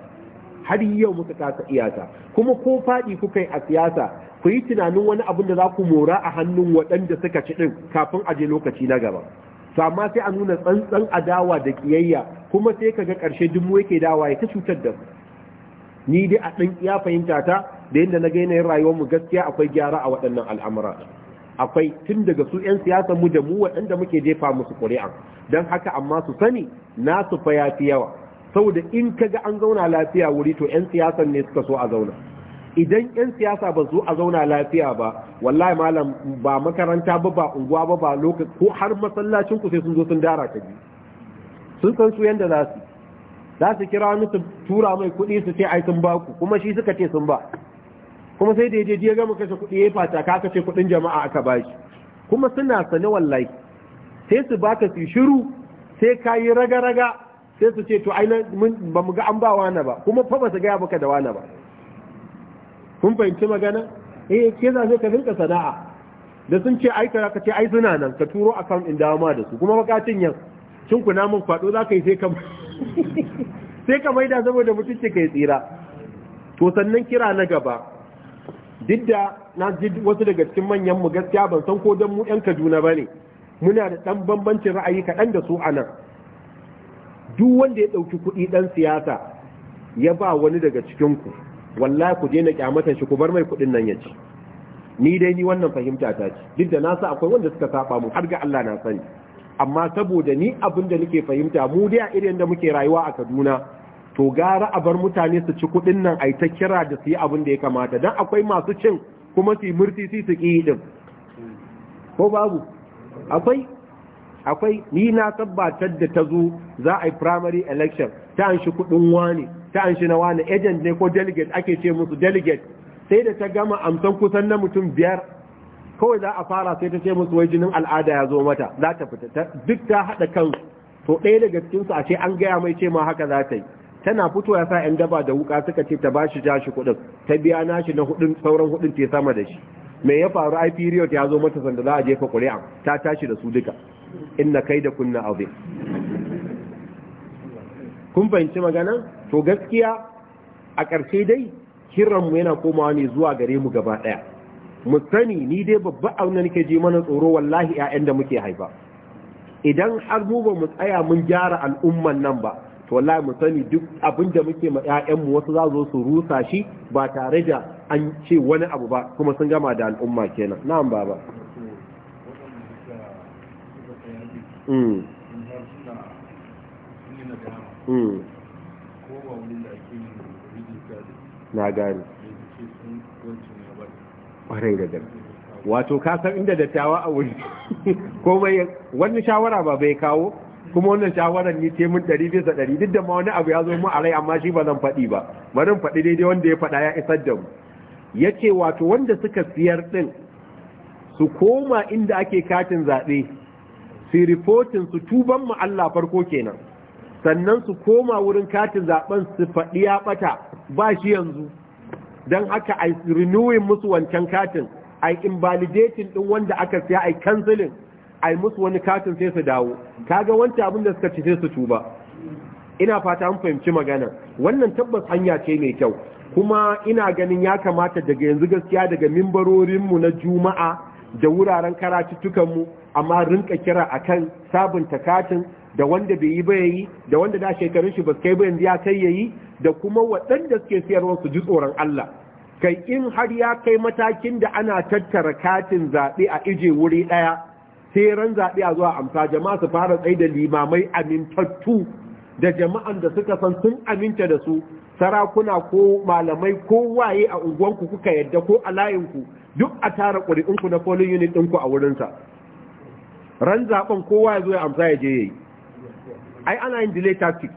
har yau muka kasa iyata kuma ko faɗi kuka yi a siyasa ku yi tunanin wani abin da za ku mora a hannun waɗanda suka ci ɗin kafin a je lokaci na gaba amma sai a nuna tsantsan adawa da ƙiyayya kuma sai ka ga ƙarshe mu yake dawa ya ta cutar da mu ni dai a ɗan iya fahimta ta da yadda na ga yanayin rayuwar mu gaskiya akwai gyara a waɗannan al'amura akwai tun daga su 'yan siyasa mu da mu waɗanda muke jefa musu ƙuri'a don haka amma su sani nasu fa ya fi yawa saboda in ka ga an zauna lafiya wuri to 'yan siyasan ne suka so a zauna idan 'yan siyasa ba zo a zauna lafiya ba wallahi malam ba makaranta ba ba unguwa ba ba lokaci ko har masallacin ku sai sun zo sun dara ka ji sun san su yanda za su za su kira wani tura mai kuɗi su ce ai sun ba ku kuma shi suka ce sun ba kuma sai da ya je ya gama kashe kuɗi ya fata ka kashe kuɗin jama'a aka bashi kuma suna sane wallahi sai su baka su shiru sai ka yi raga-raga sai su ce to ainihin ba mu ga an ba wani ba kuma fa ba su gaya baka da wani ba kun fahimci magana eh ke za ka rinka sana'a da sun ce ai ka ce ai suna nan ka turo account din ma da su kuma bakatin yan cin ku na mun kwado za ka yi sai ka sai ka maida saboda mutunci kai tsira to sannan kira na gaba duk da na ji wasu daga cikin manyan mu gaskiya ban san ko dan mu yan Kaduna ba ne. muna da dan bambancin ra'ayi kaɗan da su anan duk wanda ya ɗauki kuɗi ɗan siyasa ya ba wani daga cikin ku wallahi ku je na kyamatan shi ku bar mai kuɗin nan ya ci ni dai ni wannan fahimta ta ce duk da na sa akwai wanda suka saba mu har ga Allah na sani amma saboda ni abinda da nake fahimta mu dai a irin da muke rayuwa a Kaduna to gara a bar mutane su ci kuɗin nan ai ta kira da su yi abin da ya kamata don akwai masu cin kuma su yi murti su su ƙi ɗin ko babu akwai akwai ni na tabbatar da ta zo za a yi primary election ta an shi kuɗin wani ta an shi na wani agent ne ko delegate ake ce musu delegate sai da ta gama amsan kusan na mutum biyar kawai za a fara sai ta ce musu wai jinin al'ada ya zo mata za ta fita duk ta haɗa kansu to ɗaya daga cikinsu a ce an gaya mai ce ma haka za ta yi tana fito ya sa yan daba da wuka suka ce ta ba shi jashi kuɗin ta biya na shi na hudun sauran hudun ce sama da shi me ya faru ai period ya zo mata sanda za a jefa kuri'a? ta tashi da su duka inna kai da kunna aure. kun fahimci magana to gaskiya a ƙarshe dai mu yana komawa ne zuwa gare mu gaba ɗaya mu sani ni dai babba abin da nake ji mana tsoro wallahi 'ya'yan da muke haifa idan har mu ba mu tsaya mun gyara al'umman nan ba to wallahi mu sani duk abin da muke ma ƴaƴanmu wasu za zo su rusa shi ba tare da an ce wani abu ba kuma sun gama da al'umma kenan na'am baba mm mm na gane ƙwarai da gaske wato kasar inda da dattawa a wuri komai wani shawara ba bai kawo kuma wannan shawarar ni ce mun ɗari bisa ɗari duk da ma wani abu ya zo mu a rai amma shi ba zan faɗi ba bari faɗi daidai wanda ya faɗa ya isar da mu yace wato wanda suka siyar ɗin su koma inda ake katin zaɓe su rifotin su tuban mu Allah farko kenan sannan su koma wurin katin zaɓen su faɗi ya ɓata ba shi yanzu dan haka ai renewing musu wancan katin ai invalidating ɗin wanda aka siya ai cancelin ai musu wani katin sai su dawo kaga wancan abin da suka ci sai su tuba ina fata an fahimci magana wannan tabbas hanya ce mai kyau kuma ina ganin ya kamata daga yanzu gaskiya daga mimbarorinmu na juma'a da wuraren karatuttukanmu amma rinka kira akan sabunta katin da wanda bai yi ba yayi da wanda da shekarun shi ba kai ba yanzu ya kai yayi da kuma waɗanda suke siyarwa su ji tsoron Allah kai in har ya kai matakin da ana tattara katin zaɓe a ije wuri ɗaya sai ran zaɓe a zuwa amsa jama'a su fara tsaye da limamai amintattu da jama'an da suka san sun aminta da su sarakuna ko malamai ko waye a unguwanku kuka yadda ko a layinku duk a tara ƙuri'unku na polin unit ɗinku a wurinsa ran zaɓen kowa ya zo ya amsa ya je ya yi ai ana yin delay tactics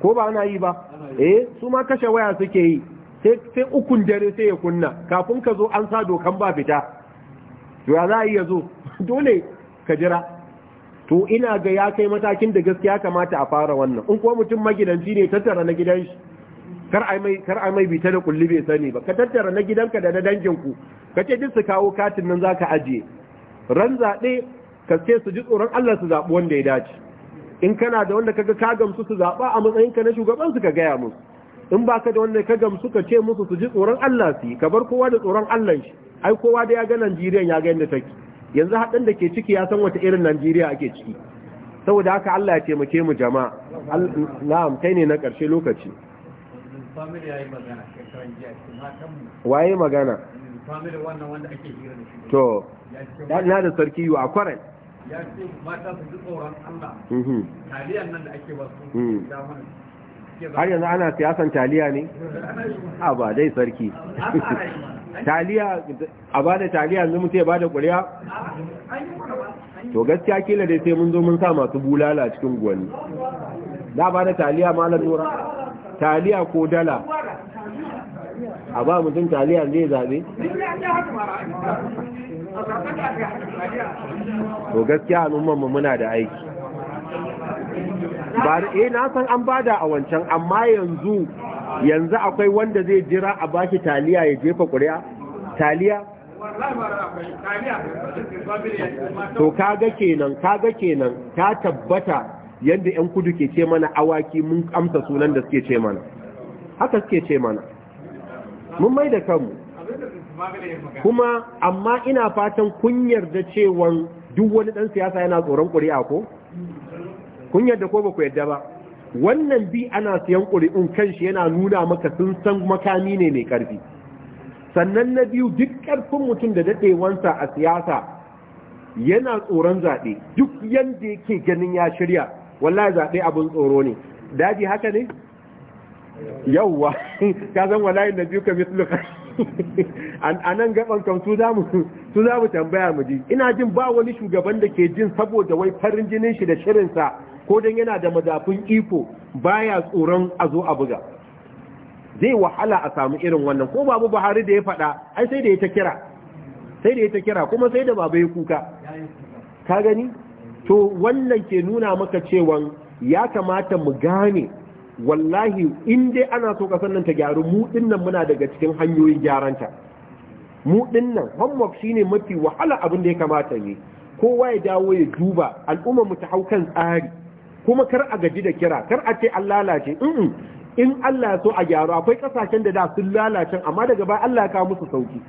ko ba ana yi ba eh su ma kashe waya suke yi sai ukun dare sai ya kunna kafin ka zo an sa dokan ba fita to za a iya zo dole ka jira to ina ga ya kai matakin da gaskiya kamata a fara wannan in kuma mutum magidanci ne tattara na gidan shi kar a mai mai bita da kulli bai sani ba ka tattara na gidanka da na danginku ka ce duk su kawo katin nan zaka ajiye ran zaɓe ka ce su ji tsoron Allah su zaɓi wanda ya dace in kana da wanda kaga ka gamsu su zaɓa a matsayinka na shugaban su ka gaya musu in ba ka da wannan ka gamsu ka ce musu su ji tsoron Allah su yi ka bar kowa da tsoron Allah shi ai kowa da ya ga Najeriya ya ga yadda take yanzu haɗin da ke ciki ya san wata irin Najeriya ake ciki saboda haka Allah ya taimake mu jama'a na'am kai ne na ƙarshe lokaci waye magana mm, to na da sarki yiwu a kwarai ya ce mata su ji tsoron Allah mhm. taliyan nan da ake wasu da mhm. har yanzu ana siyasan taliya ne a ba dai sarki taliya a ba da taliya yanzu mutu ya ba da ƙuri'a to gaskiya kila dai sai mun zo mun sa masu bulala cikin gwani za ba da taliya malar dora taliya ko dala a ba mutum taliya zai zaɓe to gaskiya al'ummanmu muna da aiki ba eh na san an bada a wancan amma yanzu yanzu akwai wanda zai jira a bashi taliya ya jefa ƙuri'a taliya to kaga kenan kaga kenan ta tabbata yadda 'yan kudu ke ce mana awaki mun amsa sunan da suke ce mana haka suke ce mana mun mai da kanmu kuma amma ina fatan kun yarda cewan duk wani dan siyasa yana tsoron ƙuri'a ko? kun yadda ko ba ku yadda ba wannan bi ana siyan ƙuri'un kanshi yana nuna maka sun san makami ne mai ƙarfi sannan na biyu duk ƙarfin mutum da daɗewansa a siyasa yana tsoron zaɓe duk yadda yake ganin ya shirya wallahi zaɓe abin tsoro ne daji haka ne yauwa ka san wallahi na biyu ka mislu a nan gaban kan su za mu tambaya mu ji ina jin ba wani shugaban da ke jin saboda wai farin jinin shi da shirinsa ko don yana da madafin iko baya tsoron a zo a buga zai wahala a samu irin wannan ko babu buhari da ya faɗa ai sai da ya ta kira sai da ya ta kira kuma sai da baba ya kuka ka gani to wannan ke nuna maka cewa ya kamata mu gane wallahi in dai ana so ka nan ta gyaru mu dinnan muna daga cikin hanyoyin gyaranta mu dinnan homework shine mafi wahala abin da ya kamata ne kowa ya dawo ya duba al'ummar mu ta hau kan tsari kuma kar a gaji da kira kar a ce an lalace in Allah ya so a gyaru akwai kasashen da da sun lalace amma daga baya Allah ya kawo musu sauki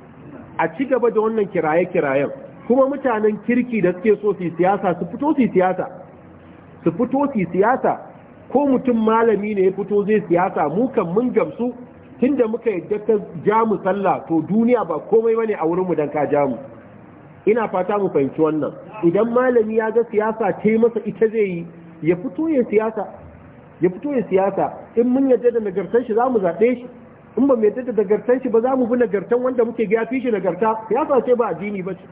a ci gaba da wannan kiraye kirayen kuma mutanen kirki da suke so su siyasa su fito su siyasa su fito su siyasa ko mutum malami ne ya fito zai siyasa mu kan mun gamsu tunda muka yadda ta ja mu sallah to duniya ba komai bane a wurin mu dan ka ja mu ina fata mu fahimci wannan idan malami ya ga siyasa ce masa ita zai yi ya fito ya siyasa ya fito ya siyasa in mun yadda da nagartar shi za mu zaɓe shi in ba mu yadda da nagartar shi ba za mu bi nagartar wanda muke ga fi shi nagarta siyasa ce ba addini ba ce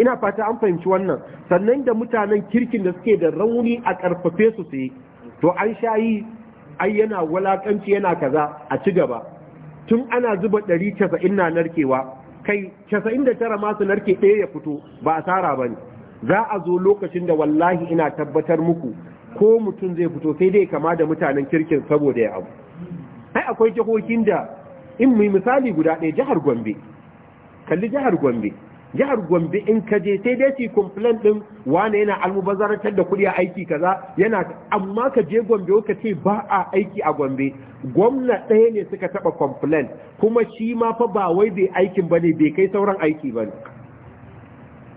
ina fata an fahimci wannan sannan da mutanen kirkin da suke da rauni a ƙarfafe su su to an sha yi ai yana walakanci yana kaza a ci gaba tun ana zuba ɗari casa'in na narkewa kai casa'in da tara masu narke ɗaya ya fito ba asara ba ne za a zo lokacin da wallahi ina tabbatar muku ko mutum zai fito sai dai kama da mutanen kirkin saboda ya abu ai akwai jihohin da in mu misali guda ɗaya jihar Gombe kalli jihar Gombe jihar Gombe in ka je sai dai su complain din wane yana almubazarantar da kuɗi a aiki kaza yana amma ka je Gombe ka ce ba a aiki a Gombe gwamna ɗaya ne suka taɓa complain kuma shi ma fa ba wai bai aikin ba ne bai kai sauran aiki ba ne.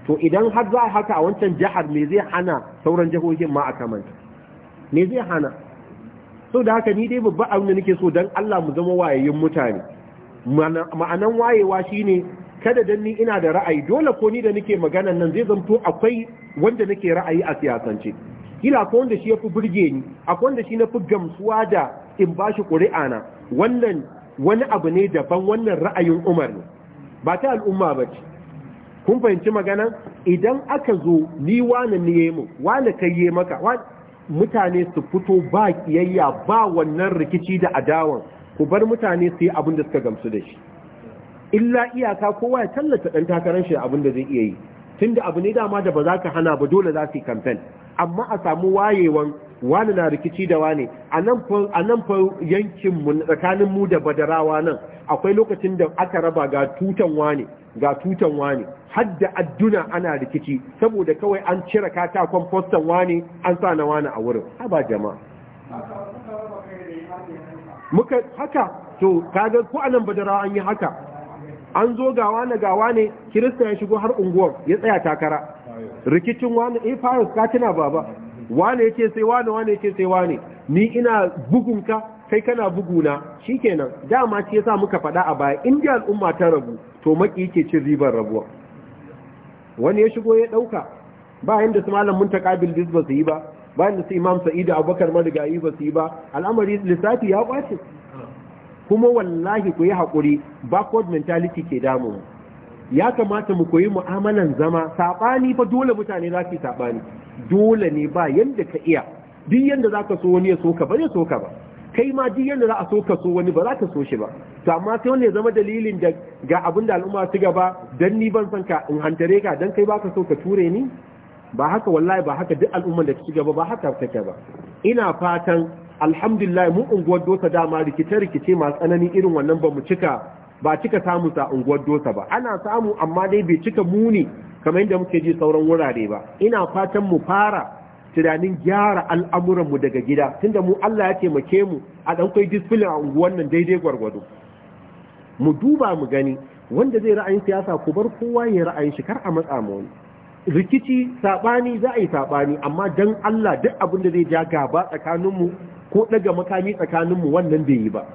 to idan har za haka a wancan jihar me zai hana sauran jihohin ma a kamanta me zai hana so da haka ni dai babba abin da nake so dan Allah mu zama wayayyun mutane ma'anan wayewa shine kada dan ni ina da ra'ayi dole ko ni da nake magana nan zai zanto akwai wanda nake ra'ayi a siyasance kila ko wanda shi yafi burge ni akwai wanda shi nafi gamsuwa da in bashi ƙuri'a na wannan wani abu ne daban wannan ra'ayin Umar ne ba ta al'umma ba ce kun fahimci magana idan aka zo ni wani ne mu wani kai yi maka mutane su fito ba kiyayya ba wannan rikici da adawan ku bar mutane su yi abin da suka gamsu da shi illa iyaka kowa ya tallata dan takarar shi abin da zai iya yi tunda abu ne dama da ba za ka hana ba dole za su yi kamfen amma a samu wayewan wani na rikici da wani a nan fa yankin mu tsakanin mu da badarawa nan akwai lokacin da aka raba ga tutan wani ga tutan wani hadda adduna ana rikici saboda kawai an cire katakon fostan wani an sa na wani a wurin haba jama'a haka to kaga ko anan badara an yi haka an zo ga wani ga wani kirista ya shigo har unguwar ya tsaya takara rikicin wani eh faris ka tuna baba wani yake sai wani wani yake sai wani ni ina bugunka kai kana buguna shikenan dama ce yasa muka faɗa a baya inda al'umma ta rabu to maki yake cin ribar rabuwa wani ya shigo ya ɗauka ba yanda su malam muntaka bildis ba su yi ba ba yanda su imam sa'id abubakar marigayi ba su yi ba al'amari lissafi ya kwace kuma wallahi ku yi haƙuri backward mentality ke damu ya kamata mu koyi mu'amalan zama saɓani fa dole mutane za su yi saɓani dole ne ba yanda ka iya duk yadda za ka so wani ya soka ka ba ya so ba kai ma duk yadda za a so ka so wani ba za ka so shi ba to amma sai wanda ya zama dalilin da ga abin da al'umma su gaba dan ni ban san ka in hantare ka dan kai ba ka so ka ture ni ba haka wallahi ba haka duk al'umman da ci gaba ba haka take ba ina fatan alhamdulillah mu unguwar dosa dama rikice rikice masu tsanani irin wannan ba mu cika ba cika samu sa unguwar dosa ba ana samu amma dai bai cika muni kamar yadda muke ji sauran wurare ba ina fatan mu fara tunanin gyara al'amuranmu daga gida tun da mu Allah ya taimake mu a ɗan disfilin a unguwan nan daidai gwargwado mu duba mu gani wanda zai ra'ayin siyasa ku bar kowa ya ra'ayin shi kar a matsa mu wani rikici saɓani za a yi saɓani amma don Allah duk abin da zai ja gaba tsakaninmu ko ɗaga makami tsakaninmu wannan bai yi ba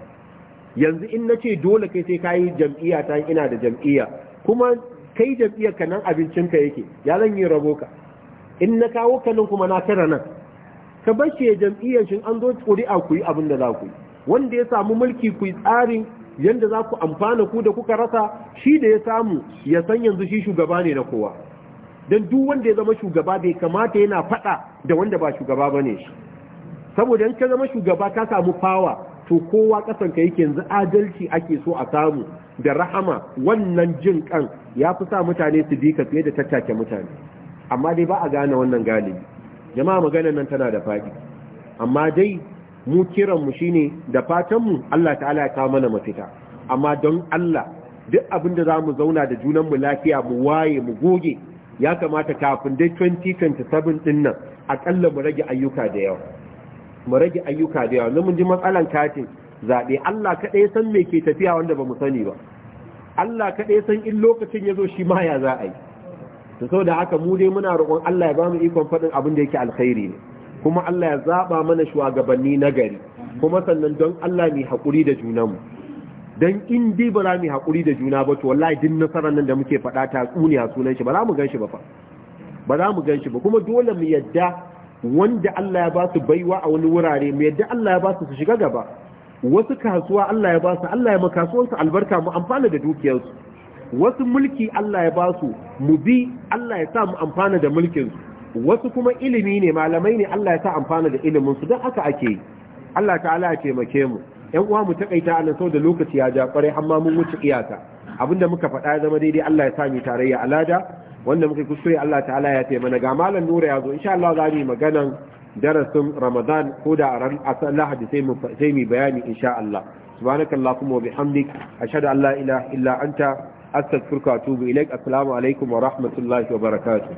yanzu in na ce dole kai sai ka yi jam'iyya ta ina da jam'iyya kuma kai jam'iyyar ka nan abincinka yake ya zan yi rabo ka in na kawo kanin kuma na tara nan ka bashi ya jam'iyyar shi an zo ƙuri'a ku yi abin da za ku yi wanda ya samu mulki ku yi tsarin yadda za ku amfana ku da kuka rasa shi da ya samu ya san yanzu shi shugaba ne na kowa don duk wanda ya zama shugaba bai kamata yana faɗa da wanda ba shugaba ba ne shi saboda in ka zama shugaba ka samu fawa to kowa kasan ka yake yanzu adalci ake so a samu da rahama wannan jin kan ya fi sa mutane su bi ka fiye da tattake mutane amma dai ba a gane wannan galibi jama'a maganar nan tana da faɗi amma dai mu kiranmu shine da fatanmu Allah ta'ala ya kawo mana mafita amma don Allah duk abin da za mu zauna da junanmu lafiya mu waye mu goge ya kamata kafin dai 2027 din nan akalla mu rage ayyuka da yawa mu rage ayyuka da yawa mun ji matsalan katin zaɓe Allah kaɗai san me ke tafiya wanda ba mu sani ba Allah kaɗai san in lokacin ya zo shi ma ya za a yi to saboda haka mu dai muna roƙon Allah ya ba mu ikon faɗin abin da yake alkhairi ne kuma Allah ya zaba mana shugabanni na gari kuma sannan don Allah mai haƙuri da junanmu dan in dai ba za mu haƙuri da juna ba to wallahi din nasarar nan da muke faɗa ta tsuniya sunan shi ba za mu gan ba fa ba za mu gan ba kuma dole mu yadda wanda Allah ya ba su baiwa a wani wurare mu yadda Allah ya ba su su shiga gaba wasu kasuwa Allah ya ba su Allah ya makasuwansu albarka mu amfana da dukiyarsu wasu mulki Allah ya ba su mu bi Allah ya sa mu amfana da mulkinsu. wasu kuma ilimi ne malamai ne Allah ya sa amfana da iliminsu don haka ake Allah ta'ala ya taimake mu yan uwa mu takaita anan sau da lokaci ya ja kware amma mun wuce iyaka abinda muka faɗa ya zama daidai Allah ya sa mu tarayya alada wanda muka kuskure Allah ta'ala ya taimana ga malam Nura ya zo insha Allah za mu yi maganan darasin Ramadan ko da a Lahadi sai mu sai mu bayani insha Allah subhanakallahumma wa bihamdik ashhadu an la ilaha illa anta astaghfiruka wa atubu ilaik assalamu alaikum wa rahmatullahi wa barakatuh